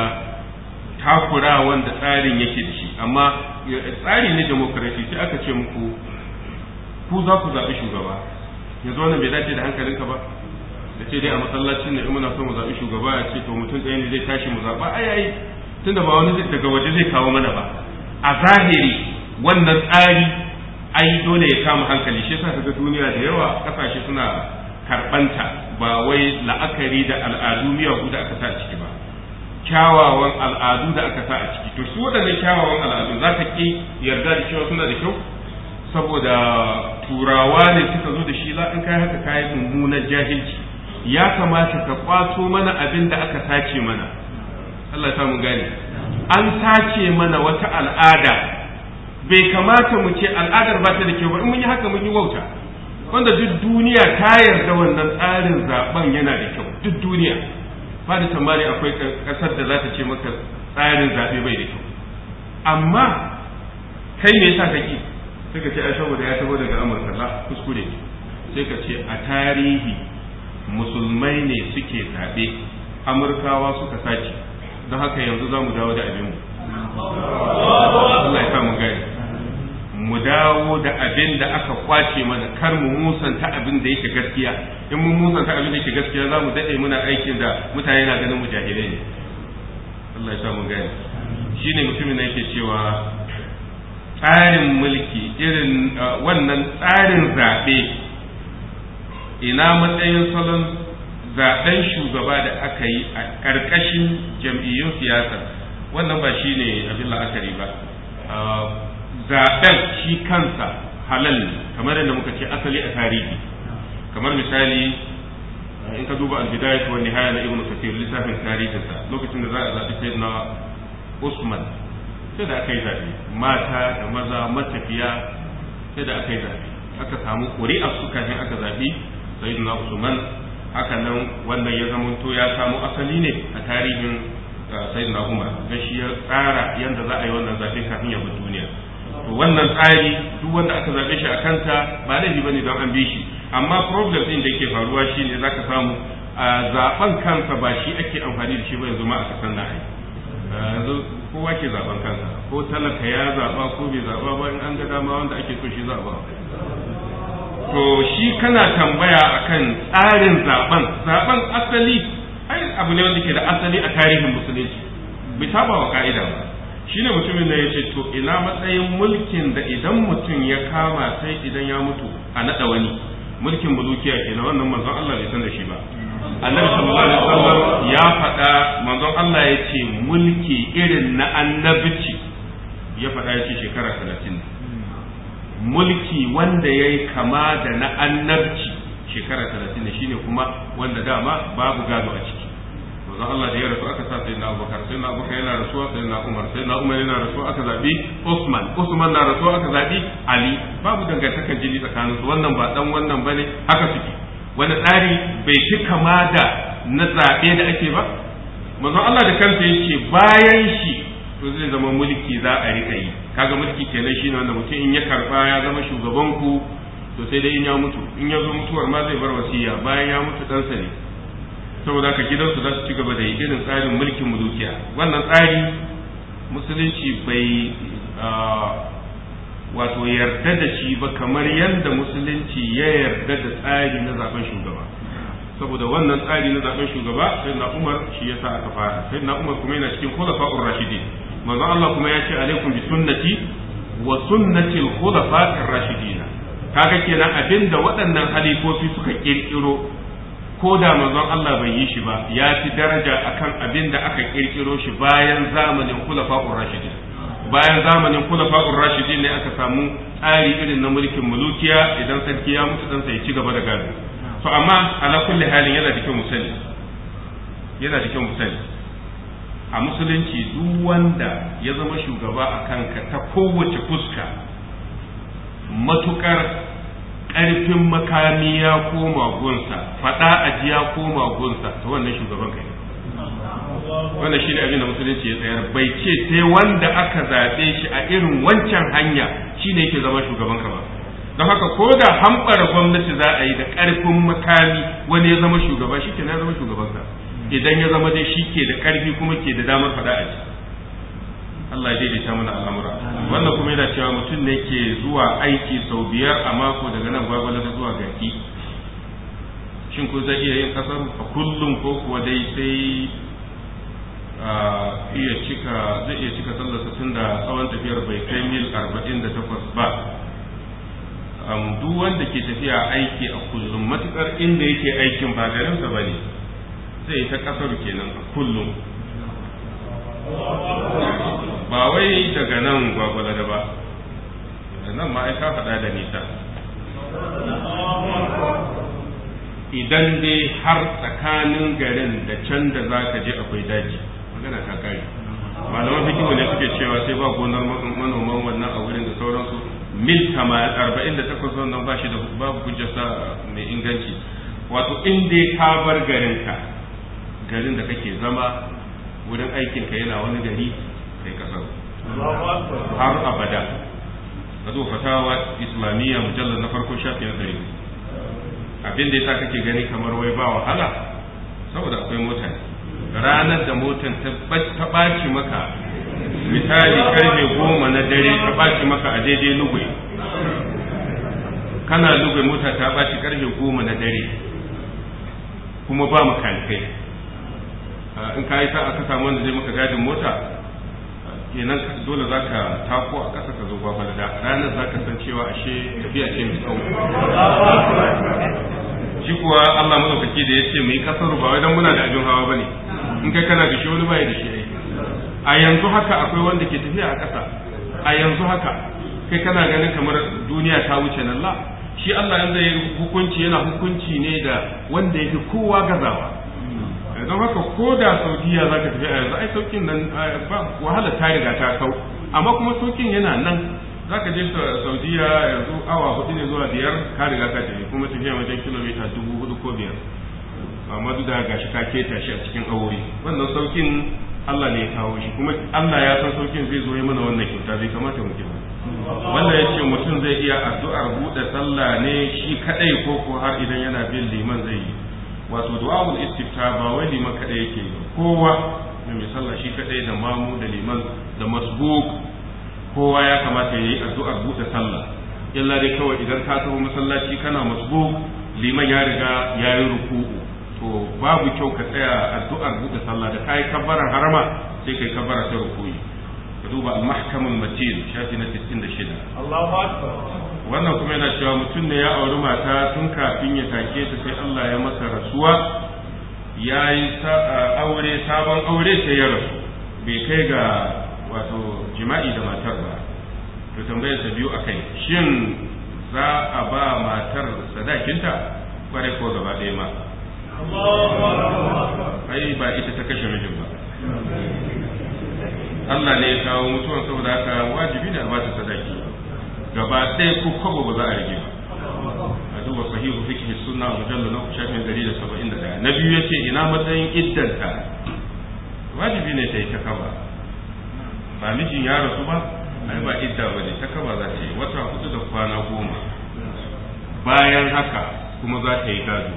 B: takura wanda tsarin yake da shi amma tsari na demokarasi sai aka ce muku ku za ku zaɓi shugaba yanzu wannan bai dace da hankalinka ba da ce dai a masallacin na muna son mu zaɓi shugaba a ce to mutum ɗaya ne zai tashi mu zaɓa ayayi tunda ba wani daga waje zai kawo mana ba a zahiri wannan tsari ai dole ya kama hankali shi yasa kaga duniya da yawa kasashe suna karbanta ba wai la'akari da al'adu miyagu da aka sa a ciki ba kyawawan al'adu da aka sa a ciki to su wadanda kyawawan al'adu za ka ki yarda da cewa suna da kyau saboda turawa ne suka zo da shi za in kai haka kayan mummunan jahilci ya kamata ka kwato mana abin da aka sace mana Allah ya mu gani an sace mana wata al'ada bai kamata mu ce al'adar ba ta da kyau ba in mun yi haka mun yi wauta wanda duk duniya ta yarda wannan tsarin zaben yana da kyau duk duniya ba da tambari akwai kasar da za ta ce maka tsarin zaɓe bai da kyau amma kai ne sa kake ka ce ai saboda ya taho daga amurka la kuskure sai ka ce a tarihi musulmai ne suke zaɓe amurkawa suka sace don haka yanzu za mu dawo da abin mu Allah ya mu gari mu dawo da abin da aka kwace mana kar mu musanta abin da yake gaskiya in mun musanta abin da yake gaskiya za mu daɗe muna aikin da mutane na ganin mu jahilai ne Allah ya mu gari shine mutumin da yake cewa tsarin mulki irin uh, wannan tsarin zaɓe ina matsayin salon zaben shugaba da aka yi a ƙarƙashin jam'iyyun siyasa wannan ba shi ne abin la'akari ba ah, zaben shi kansa halal ne kamar yadda muka ce asali a tarihi kamar misali in ka duba albidaya ko haya na ibnu kafir lissafin tarihinsa lokacin da za a zaɓi sai na usman sai da aka yi zaɓe mata da maza matafiya sai da aka yi zaɓe aka samu ƙuri'a su kafin aka zaɓi sayyidina usman haka nan wannan ya zamanto ya samu asali ne a tarihin na kuma da shi ya tsara yadda za a yi wannan zaɓe kafin ya bar duniya to wannan tsari duk wanda aka zaɓe shi a kanta ba laifi bane don an bi shi amma problem din da yake faruwa shi shine zaka samu a zaben kansa ba shi ake amfani da shi ba yanzu ma a kasan nan yanzu kowa ke zaben kansa ko talaka ya zaba ko bai zaba ba in an ga dama wanda ake so shi zaba to shi kana tambaya akan tsarin zaben zaben asali ai abu ne wanda ke da asali a tarihin musulunci bai saba wa ka'ida ba shine mutumin da yace to ina matsayin mulkin da idan mutum ya kama sai idan ya mutu a nada wani mulkin mulukiya kenan wannan manzon Allah bai san da shi ba annabi sallallahu alaihi wasallam ya faɗa manzon Allah ya ce mulki irin na annabici ya faɗa ya ce shekara 30 mulki wanda ya yi kama da na annabci shekara talatin shi ne kuma wanda dama babu gado a ciki wanzan Allah da ya rasu aka sa sai na Abubakar sai na Abubakar yana rasuwa sai na Umar sai na Umar yana rasuwa aka zabi Usman Usman na rasuwa aka zabi Ali babu dangantakar jini tsakanin su wannan ba dan wannan ba ne. haka suke wani tsari bai fi kama da na zabe da ake ba manzon Allah da kansa yake bayan shi to zai zama mulki za a riƙa yi kaga mulki kenan shine wanda mutum in ya karba ya zama shugaban ku to sai dai in ya mutu in ya zo mutuwar ma zai bar wasiya bayan ya mutu ɗansa ne saboda haka gidansu za su ci gaba da irin tsarin mulkin mulkiya wannan tsari musulunci bai wato yarda da shi ba kamar yadda musulunci ya yarda da tsari na zaben shugaba saboda wannan tsari na zaben shugaba sai na umar shi yasa aka fara sai na umar kuma yana cikin kulafa Rashidi. manzon Allah kuma ya ce alaikum bi sunnati wa sunnati al-khulafa ar-rashidin kaga kenan abinda waɗannan halifofi suka kirkiro ko da manzon Allah bai yi shi ba ya fi daraja akan abinda aka kirkiro shi bayan zamanin khulafa ar-rashidin bayan zamanin khulafa ar-rashidin ne aka samu tsari irin na mulkin mulukiya idan sarki ya mutu dan sai ci gaba da gado to amma ala kulli halin yana da kyau musali yana da kyau musali a musulunci duk wanda ya zama shugaba a kanka ta kowace fuska matukar ƙarfin makami ya koma gunsa faɗa aji ya koma gunsa ta wannan shugaban kai wannan shi ne abin da musulunci ya tsayar bai ce sai wanda aka zaɓe shi a irin wancan hanya shi ne yake zama shugaban ka ba don haka ko da hamɓar gwamnati za a yi da ƙarfin makami wani ya zama shugaba shi ke na zama shugaban ka idan ya zama dai shi ke da ƙarfi kuma ke da damar faɗa a ji Allah ya daidaita mana al'amura wannan kuma yana cewa mutum ne ke zuwa aiki sau biyar a mako daga nan gwagwalata zuwa gaki shin ko zai iya yin kasar a kullum ko kuwa dai sai iya cika zai iya cika sallarsa tun da tsawon tafiyar bai kai mil arba'in da takwas ba duk wanda ke tafiya aiki a kullum matukar inda yake aikin ba garinsa ba ne sai ta kasar kenan a kullum ba wai daga nan gwagwala da ba daga nan ma faɗa da nisa idan dai har tsakanin garin da can da za ka je akwai daji magana ta kare malaman fikihu ne suke cewa sai ba gonar manoman wannan a wurin da sauransu mil arba'in da takwas wannan ba shi da babu hujjarsa mai inganci wato in dai ka bar garinka garin da kake zama wurin aikin ka yana wani gari kai kasar
C: har abada
B: ka zo fatawa islamiyya mujallar na farko na dare abin da yasa kake gani kamar wai ba wahala saboda akwai mota ranar da motan ta ɓaci maka misali karfe goma na dare ta ɓaci maka a daidai lugu kana lugu mota ta ɓaci karfe goma na dare kuma ba makanikai in ka yi sa'a ka samu wanda zai maka gadin mota kenan dole za ka tako a ƙasa ka zo ba da ranar za ka san cewa ashe tafiya ce mai tsawo shi kuwa Allah mazaukaki da ya ce mai kasar ba wai don muna da ajin hawa ba ne in kai kana da shi wani baya da shi a yanzu haka akwai wanda ke tafiya a ƙasa a yanzu haka kai kana ganin kamar duniya ta wuce nan la shi Allah yanzu ya hukunci yana hukunci ne da wanda ya fi kowa gazawa haka don haka ko da saudiya za ka tafi a yanzu ai saukin nan ba wahala ta riga ta sau. amma kuma saukin yana nan za ka je saudiya yanzu awa hudu ne zuwa biyar ka riga ka tafi kuma tafiya wajen kilomita dubu hudu ko biyar amma duk da gashi ka keta shi a cikin aure wannan saukin Allah ne ya kawo shi kuma Allah ya san saukin zai zo ya mana wannan kyauta zai kamata mu kira Wannan ya ce mutum zai iya addu'ar buɗe sallah ne shi kaɗai ko ko har idan yana bin liman zai yi wato du'a'ul istifta ba wai liman kadai yake yi kowa da mai sallah shi kadai da mamu da liman da masbuk kowa ya kamata yayi addu'ar buɗe sallah illa dai kawai idan ka taho masallaci kana masbuk liman ya riga ya yi ruku'u to babu kyau ka tsaya addu'ar buɗe sallah da kai kabbara harama sai kai kabbara ta ruku'i ka duba al-mahkamul matin shafi na 66
C: Allahu akbar wannan
B: kuma yana cewa mutum ne ya auri mata tun kafin ya take ta sai Allah ya masa rasuwa ya yi aure sabon aure sai ya rasu bai kai ga wato jima'i da matar ba to tambayar sa biyu akai shin za a ba matar sadakinta kware ko gaba ɗaya ma ai ba ita ta kashe mijin ba Allah ne ya kawo mutuwan saboda haka wajibi ne a ba ta sadaki gaba ɗaya ko kwabo ba za a rage ba a duba sahihu fiqh sunna mujallal na shafin dari da da saba'in 171 na biyu ya ce ina matsayin iddanta wajibi ne ta yi ta kaba ba mijin ya rasu ba ai ba idda bane ta kaba za ta yi wata hudu da kwana goma bayan haka kuma za ta yi gado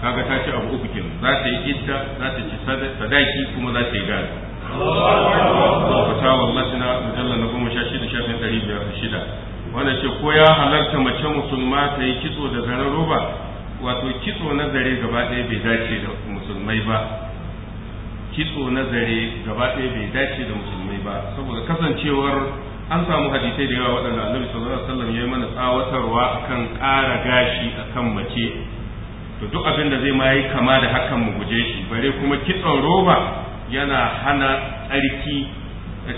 B: kaga ta ci abu uku kenan za ta yi idda za ta ci sadaki kuma za ta yi gado fatawa Allah na mujallal na goma sha shida shafin ɗari biyar da shida wanda ce ko ya halarta mace musulma ta yi kitso da zaren roba wato kitso na zare gaba ɗaya bai dace da musulmai ba kitso na zare gaba ɗaya bai dace da musulmai ba saboda kasancewar an samu hadisai da yawa waɗanda annabi sallallahu alaihi wasallam ya yi mana tsawatarwa akan ƙara gashi akan mace to duk abin da zai ma yi kama da hakan mu guje shi bare kuma kitson roba yana hana tsarki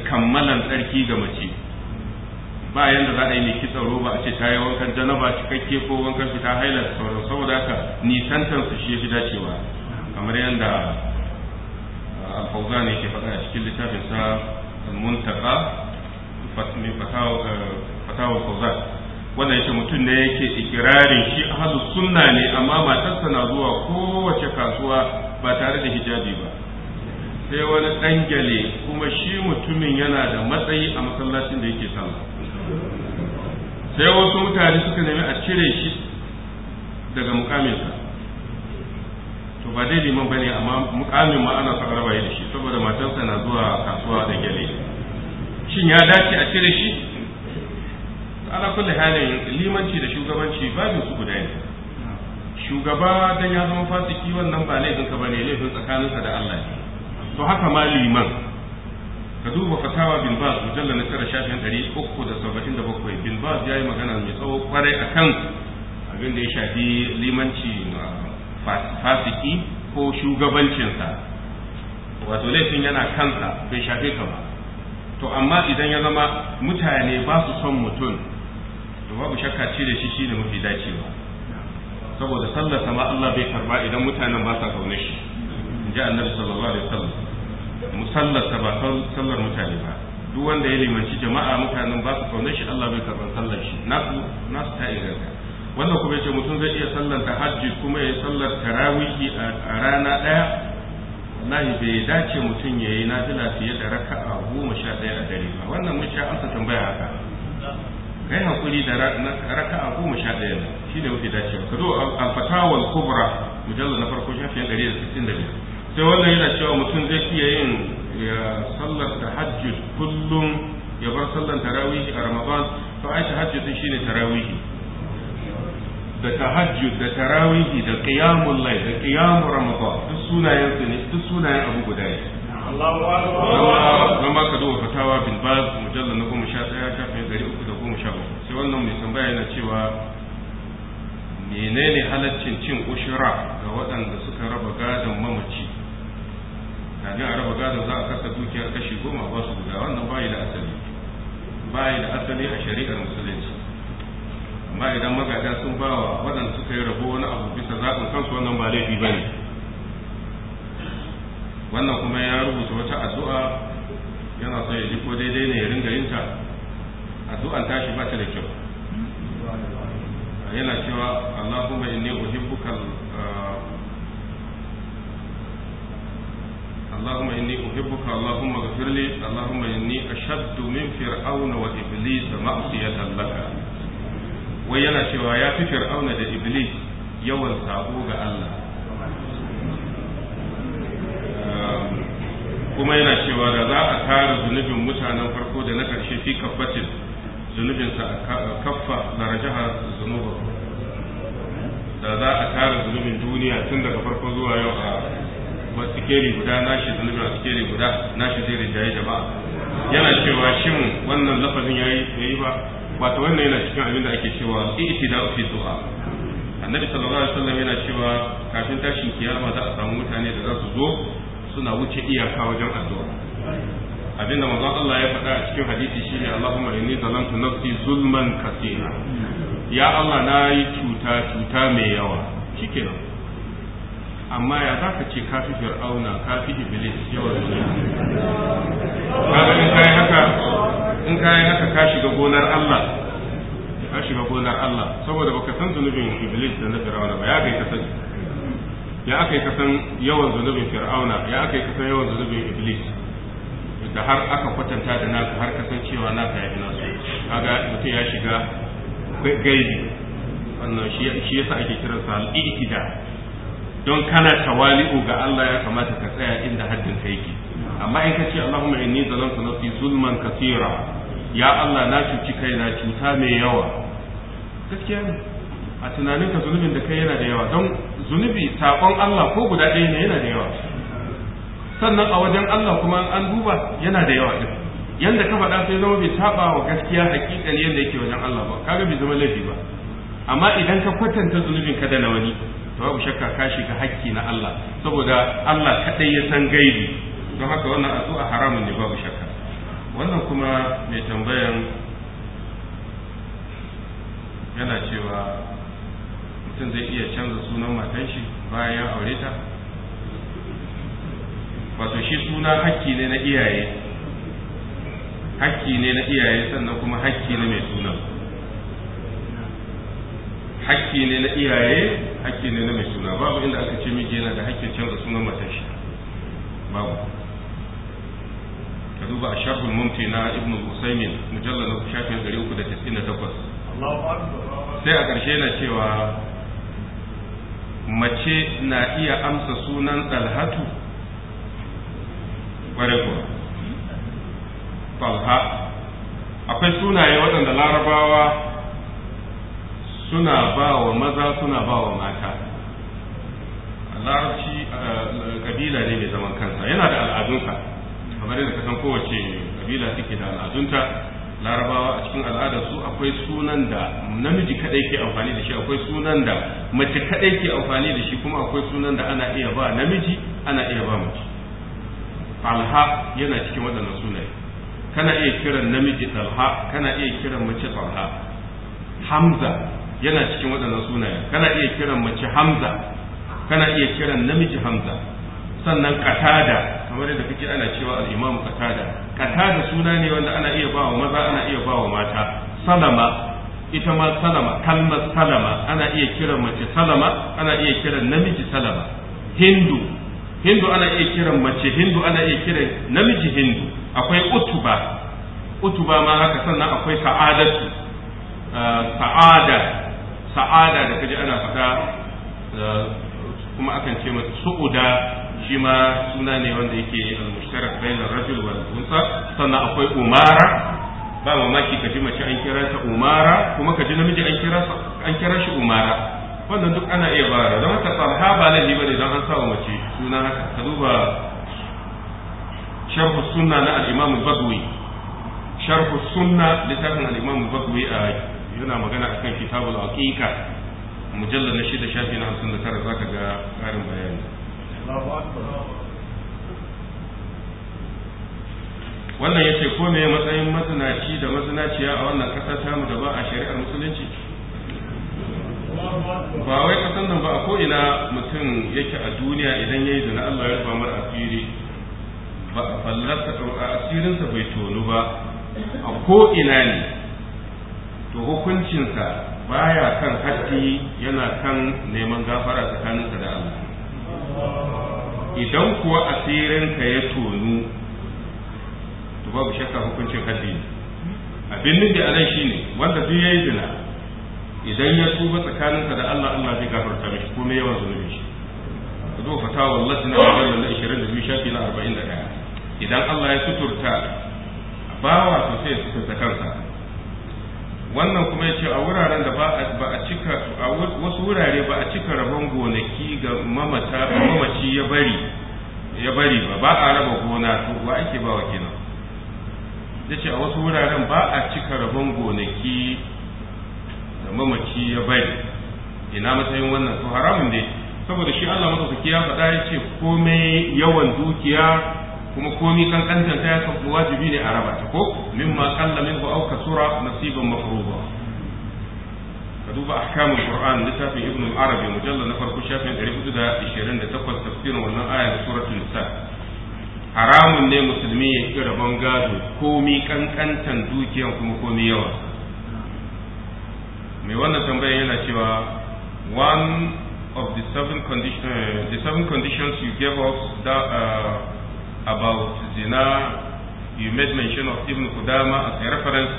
B: kammalan tsarki ga mace ba yanda za a yi miki tsaro ba a ce ta yi wankan janaba cikakke ko wankan fita haila da sauran saboda haka nisantar su shi ya fi dacewa kamar yadda ah, alfauza ne ke faɗa a cikin littafin sa muntaka fatawa eh, fauza wannan yace mutum ne yake ikirarin shi ahadu sunna ne amma matarsa na zuwa kowace kasuwa ba tare da hijabi ba sai wani gyale kuma shi mutumin yana da matsayi a masallacin da yake sallah sai wasu mutane suka nemi a cire shi daga mukaminsa to ba dai liman bane amma mukamin ma ana son raba da shi saboda matarsa na zuwa kasuwa da gyale shin ya dace a cire shi ala kulli halin limanci da shugabanci babin su guda ne shugaba dan ya zama fasiki wannan ba laifin ka bane laifin tsakaninsa da Allah ne to haka ma liman ka duba fatawa bin baz mujalla na tara shafin ɗari uku da saba'in da bakwai bin baz ya yi magana mai tsawo kwarai a kan abin da ya shafi limanci fasiki ko shugabancinsa wato laifin yana kansa bai shafe ka ba to amma idan ya zama mutane ba su son mutum to babu shakka da shi shi ne mafi dacewa saboda sallar sama Allah bai karba idan mutanen ba sa kaune shi in ji annabi sallallahu alaihi wasallam ta ba sallar mutane ba duk wanda ya limanci jama'a mutanen ba su kaunar shi Allah bai karɓar sallar shi nasu nasu ta inganta wannan kuma yace mutum zai iya sallar ta hajji kuma ya sallar tarawihi a rana ɗaya wallahi bai dace mutum ya yi nafila fiye da raka'a goma sha ɗaya a dare ba wannan mun sha amsa tambaya haka kai hakuri da raka'a goma sha ɗaya shi ne mafi dacewa ka zo al-fatawal kubra mujallal na farko shafin 165 sai wannan yana cewa mutum zai iya yin ya sallar tahajjud kullum ya bar sallar tarawihi a ramadan to ai ta tahajjud din shine tarawihi da ta tahajjud da tarawihi da qiyamul layl da qiyamul ramadan duk sunayen su ne duk sunayen abu guda ne
C: Allahu akbar ba ka
B: duba fatawa bin baz mujallal na 11 sha 317 sai wannan mai tambaya yana cewa menene halaccin cin ushura ga waɗanda suka raba gadon mamaci kafin a raba gado za a kasa dukiyar kashi goma ba su guda wannan bayi da asali bayi da asali a shari'ar musulunci amma idan magada sun ba wa waɗanda suka yi rabo wani abu bisa zaɓin kansu wannan ba laifi ba ne wannan kuma ya rubuta wata addu'a yana son ya ji ko daidai ne ya ringa yin ta addu'an tashi ba ta da kyau yana cewa allahumma inni uhibbuka ah, اللهم إني أحبك اللهم اغفر لي اللهم إني أشد من فرعون وإبليس معصية لك وينا شوى فرعون ده يوم سابوغ الله
C: kuma yana cewa da za a tara
B: zunubin mutanen farko da na ƙarshe fi kabbatin zunubinsa a kaffa na da za a tara zunubin duniya tun daga farko zuwa yau a sikeri guda nashi zunubi a sikeri guda na shi zai rinjaye jama'a yana cewa shin wannan lafazin ya yi ba wato wannan yana cikin abin da ake cewa da fi zuwa annabi sallallahu alaihi wasallam yana cewa kafin tashin kiyama za a samu mutane da za su zo suna wuce iyaka wajen addu'a abinda manzon Allah ya faɗa a cikin hadisi shine Allahumma inni zalamtu nafsi zulman kaseera ya Allah na yi cuta cuta mai yawa shikenan amma ya za ka ce kafi fir'auna kafi iblis yawan duniya kaga in kai haka in kai haka ka shiga gonar Allah ka shiga gonar Allah saboda baka san zunubin iblis da na fir'auna ba ya kai ka san ya aka yi kasan yawan zunubin fir'auna ya aka yi kasan yawan zunubin iblis da har aka kwatanta da naka har cewa naka ya fi nasu kaga mutum ya shiga gaibi wannan shi yasa ake kiransa al-iktida don kana tawali'u ga Allah ya kamata ka tsaya inda haddin ka yake amma in ka ce Allahumma inni zalamtu nafsi zulman katira ya Allah na cuci kaina cuta mai yawa gaskiya ne a tunaninka zunubin da kai yana da yawa don zunubi sakon Allah ko guda ɗaya ne yana da yawa sannan a wajen Allah kuma an duba yana da yawa din yanda ka faɗa sai zama bai saba wa gaskiya hakikan yadda yake wajen Allah ba kaga bai zama laifi ba amma idan ka kwatanta zunubin ka da na wani babu shakka ka shiga hakki na Allah saboda Allah kadai ya san gaibi don haka wannan a haramun ne babu shakka wannan kuma mai tambayan yana cewa mutum zai iya canza sunan matan shi bayan ya aure ta wato shi suna hakki ne na iyaye hakki ne na iyaye sannan kuma hakki ne mai sunan hakki ne na iyaye hakki ne na mai suna babu inda aka ce miji yana da hakkin canza sunan matan shi babu ka duba a shafin mumti na ibn usaimin mujallar na shafin 398
C: sai a ƙarshe na
B: cewa mace na iya amsa sunan talhatu ƙware kuwa talha akwai sunaye waɗanda larabawa suna ba wa maza suna ba wa mata larabci kabila ne mai zaman kansa yana da al'adunsa kamar yadda ka san kowace kabila take da al'adunta larabawa a cikin al'adarsu akwai sunan da namiji kadai ke amfani da shi akwai sunan da mace kadai ke amfani da shi kuma akwai sunan da ana iya ba namiji ana iya ba mace talha yana cikin waɗannan sunaye kana iya kiran namiji talha kana iya kiran mace talha hamza yana cikin waɗannan sunayen kana iya kiran mace hamza kana iya kiran namiji hamza sannan katada kamar yadda kake ana cewa al-imam katada katada suna ne wanda ana iya bawa maza ana iya bawa mata salama ita ma salama kalma salama ana iya kiran mace salama ana iya kiran namiji salama hindu hindu ana iya kiran mace hindu ana iya kiran namiji hindu akwai utuba utuba ma haka sannan akwai sa'adatu ah, sa'ada sa'ada da kaji ana fata kuma akan ce mata su'uda shi ma suna ne wanda yake al-mushtarak bainar rajul wal unsa sannan akwai umara ba mamaki ka ji mace an kira ta umara kuma ka ji namiji an kira an kira shi umara wannan duk ana iya bara don haka sahaba ba ne bane don an sawa mace suna haka ka duba sharh sunna na al-imam al-bagwi sharh sunna littafin al-imam al-bagwi a yana magana a kan kitabul aqiqa mujallal na shida shafi na hamsin da tara za ka ga ƙarin bayani wannan ya ce ko me matsayin mazinaci da mazinaciya a wannan ƙasa tamu da ba a shari'ar musulunci
C: ba wai kasan
B: nan ba a ko'ina mutum yake a duniya idan ya yi zina Allah ya rufa mara asiri ba a fallarsa a asirinsa bai tonu ba a ko'ina ne to hukuncinsa baya kan haddi yana kan neman gafara tsakaninsa da Allah idan kuwa asirinka ya tonu to babu shakka hukuncin haddi abin nufi a shi shine wanda duk yayi zina idan ya tuba tsakaninsa da Allah Allah zai gafarta mishi me yawan zunubi shi to do fatawa wallahi na wajen da 22 shafi na 41 idan Allah ya suturta bawa sosai sai ya suturta kansa wannan kuma ya ce a wuraren da ba a cika a wasu wurare ba a cika rabon gonaki ga mamata mamaci ya bari ya bari ba ba a raba gona to wa ake ba wa kenan ya ce a wasu wuraren ba a cika rabon gonaki ga mamaci ya bari ina matsayin wannan to haramun ne saboda shi Allah madaukaki ya faɗa ya ce komai yawan dukiya kuma komi kankantar ta ya san wajibi ne a raba ta ko mimma min minhu au kasura nasiban mafruḍa ka duba ahkamul qur'an littafin ibn al-arabi mujallal na farko shafin 428 tafsirin wannan aya da suratul nisa haramun ne musulmi ya ki rabon gado komi kankantan dukiyan kuma komi yawa mai wannan tambayar yana cewa one of the seven, conditions the seven conditions you gave us that, uh, about zina. You made mention of Ibn Qudama as a reference.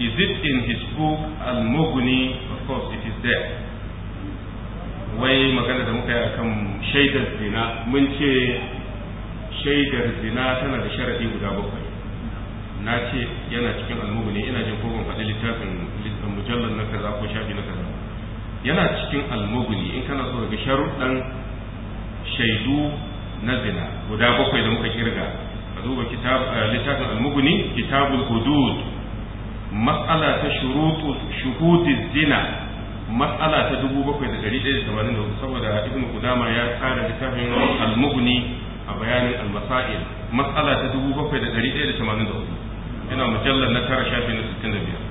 B: Is it in his book Al-Mughni? Of course, it is there. Wai magana da muka yi akan shaidar zina mun ce shaidar zina tana da sharadi guda bakwai. Na ce yana cikin almuguni ina jin kogon faɗi littafin mujallar na kaza ko shafi na kaza. Yana cikin almuguni in kana so ga sharuɗan shaidu na zina guda bakwai da muka kirga a duba eh, littafin almuguni kitabul hudud matsala ta shuhudu zina matsala ta 7,184 saboda ibn kudama ya tsara littafin almuguni a bayanin almasa'il matsala ta 7,184 Ina mujallar na tara shafi na 65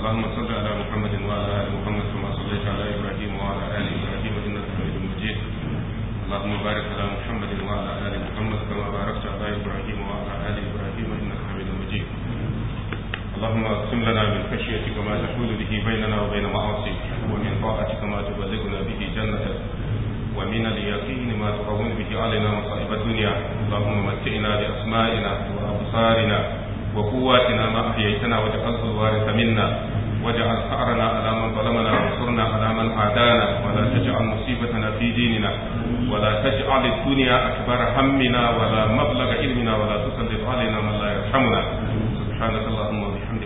B: اللهم صل على محمد وعلى ال محمد كما صليت على ابراهيم وعلى ال ابراهيم انك حميد مجيد اللهم بارك على محمد وعلى آل محمد كما باركت على إبراهيم وعلى آل إبراهيم إنك حميد مجيد اللهم اقسم لنا من خشيتك ما تحول به بيننا وبين معاصيك ومن طاعتك ما تبلغنا به جنتك ومن اليقين ما تقوم به علينا مصائب الدنيا اللهم متعنا لأسمائنا وأبصارنا وقواتنا ما أحييتنا وتقبل وارث منا واجعل ثأرنا على من ظلمنا وانصرنا على من عادانا ولا تجعل مصيبتنا في ديننا ولا تجعل الدنيا أكبر همنا ولا مبلغ علمنا
C: ولا تسلط علينا من لا يرحمنا سبحانك اللهم وبحمدك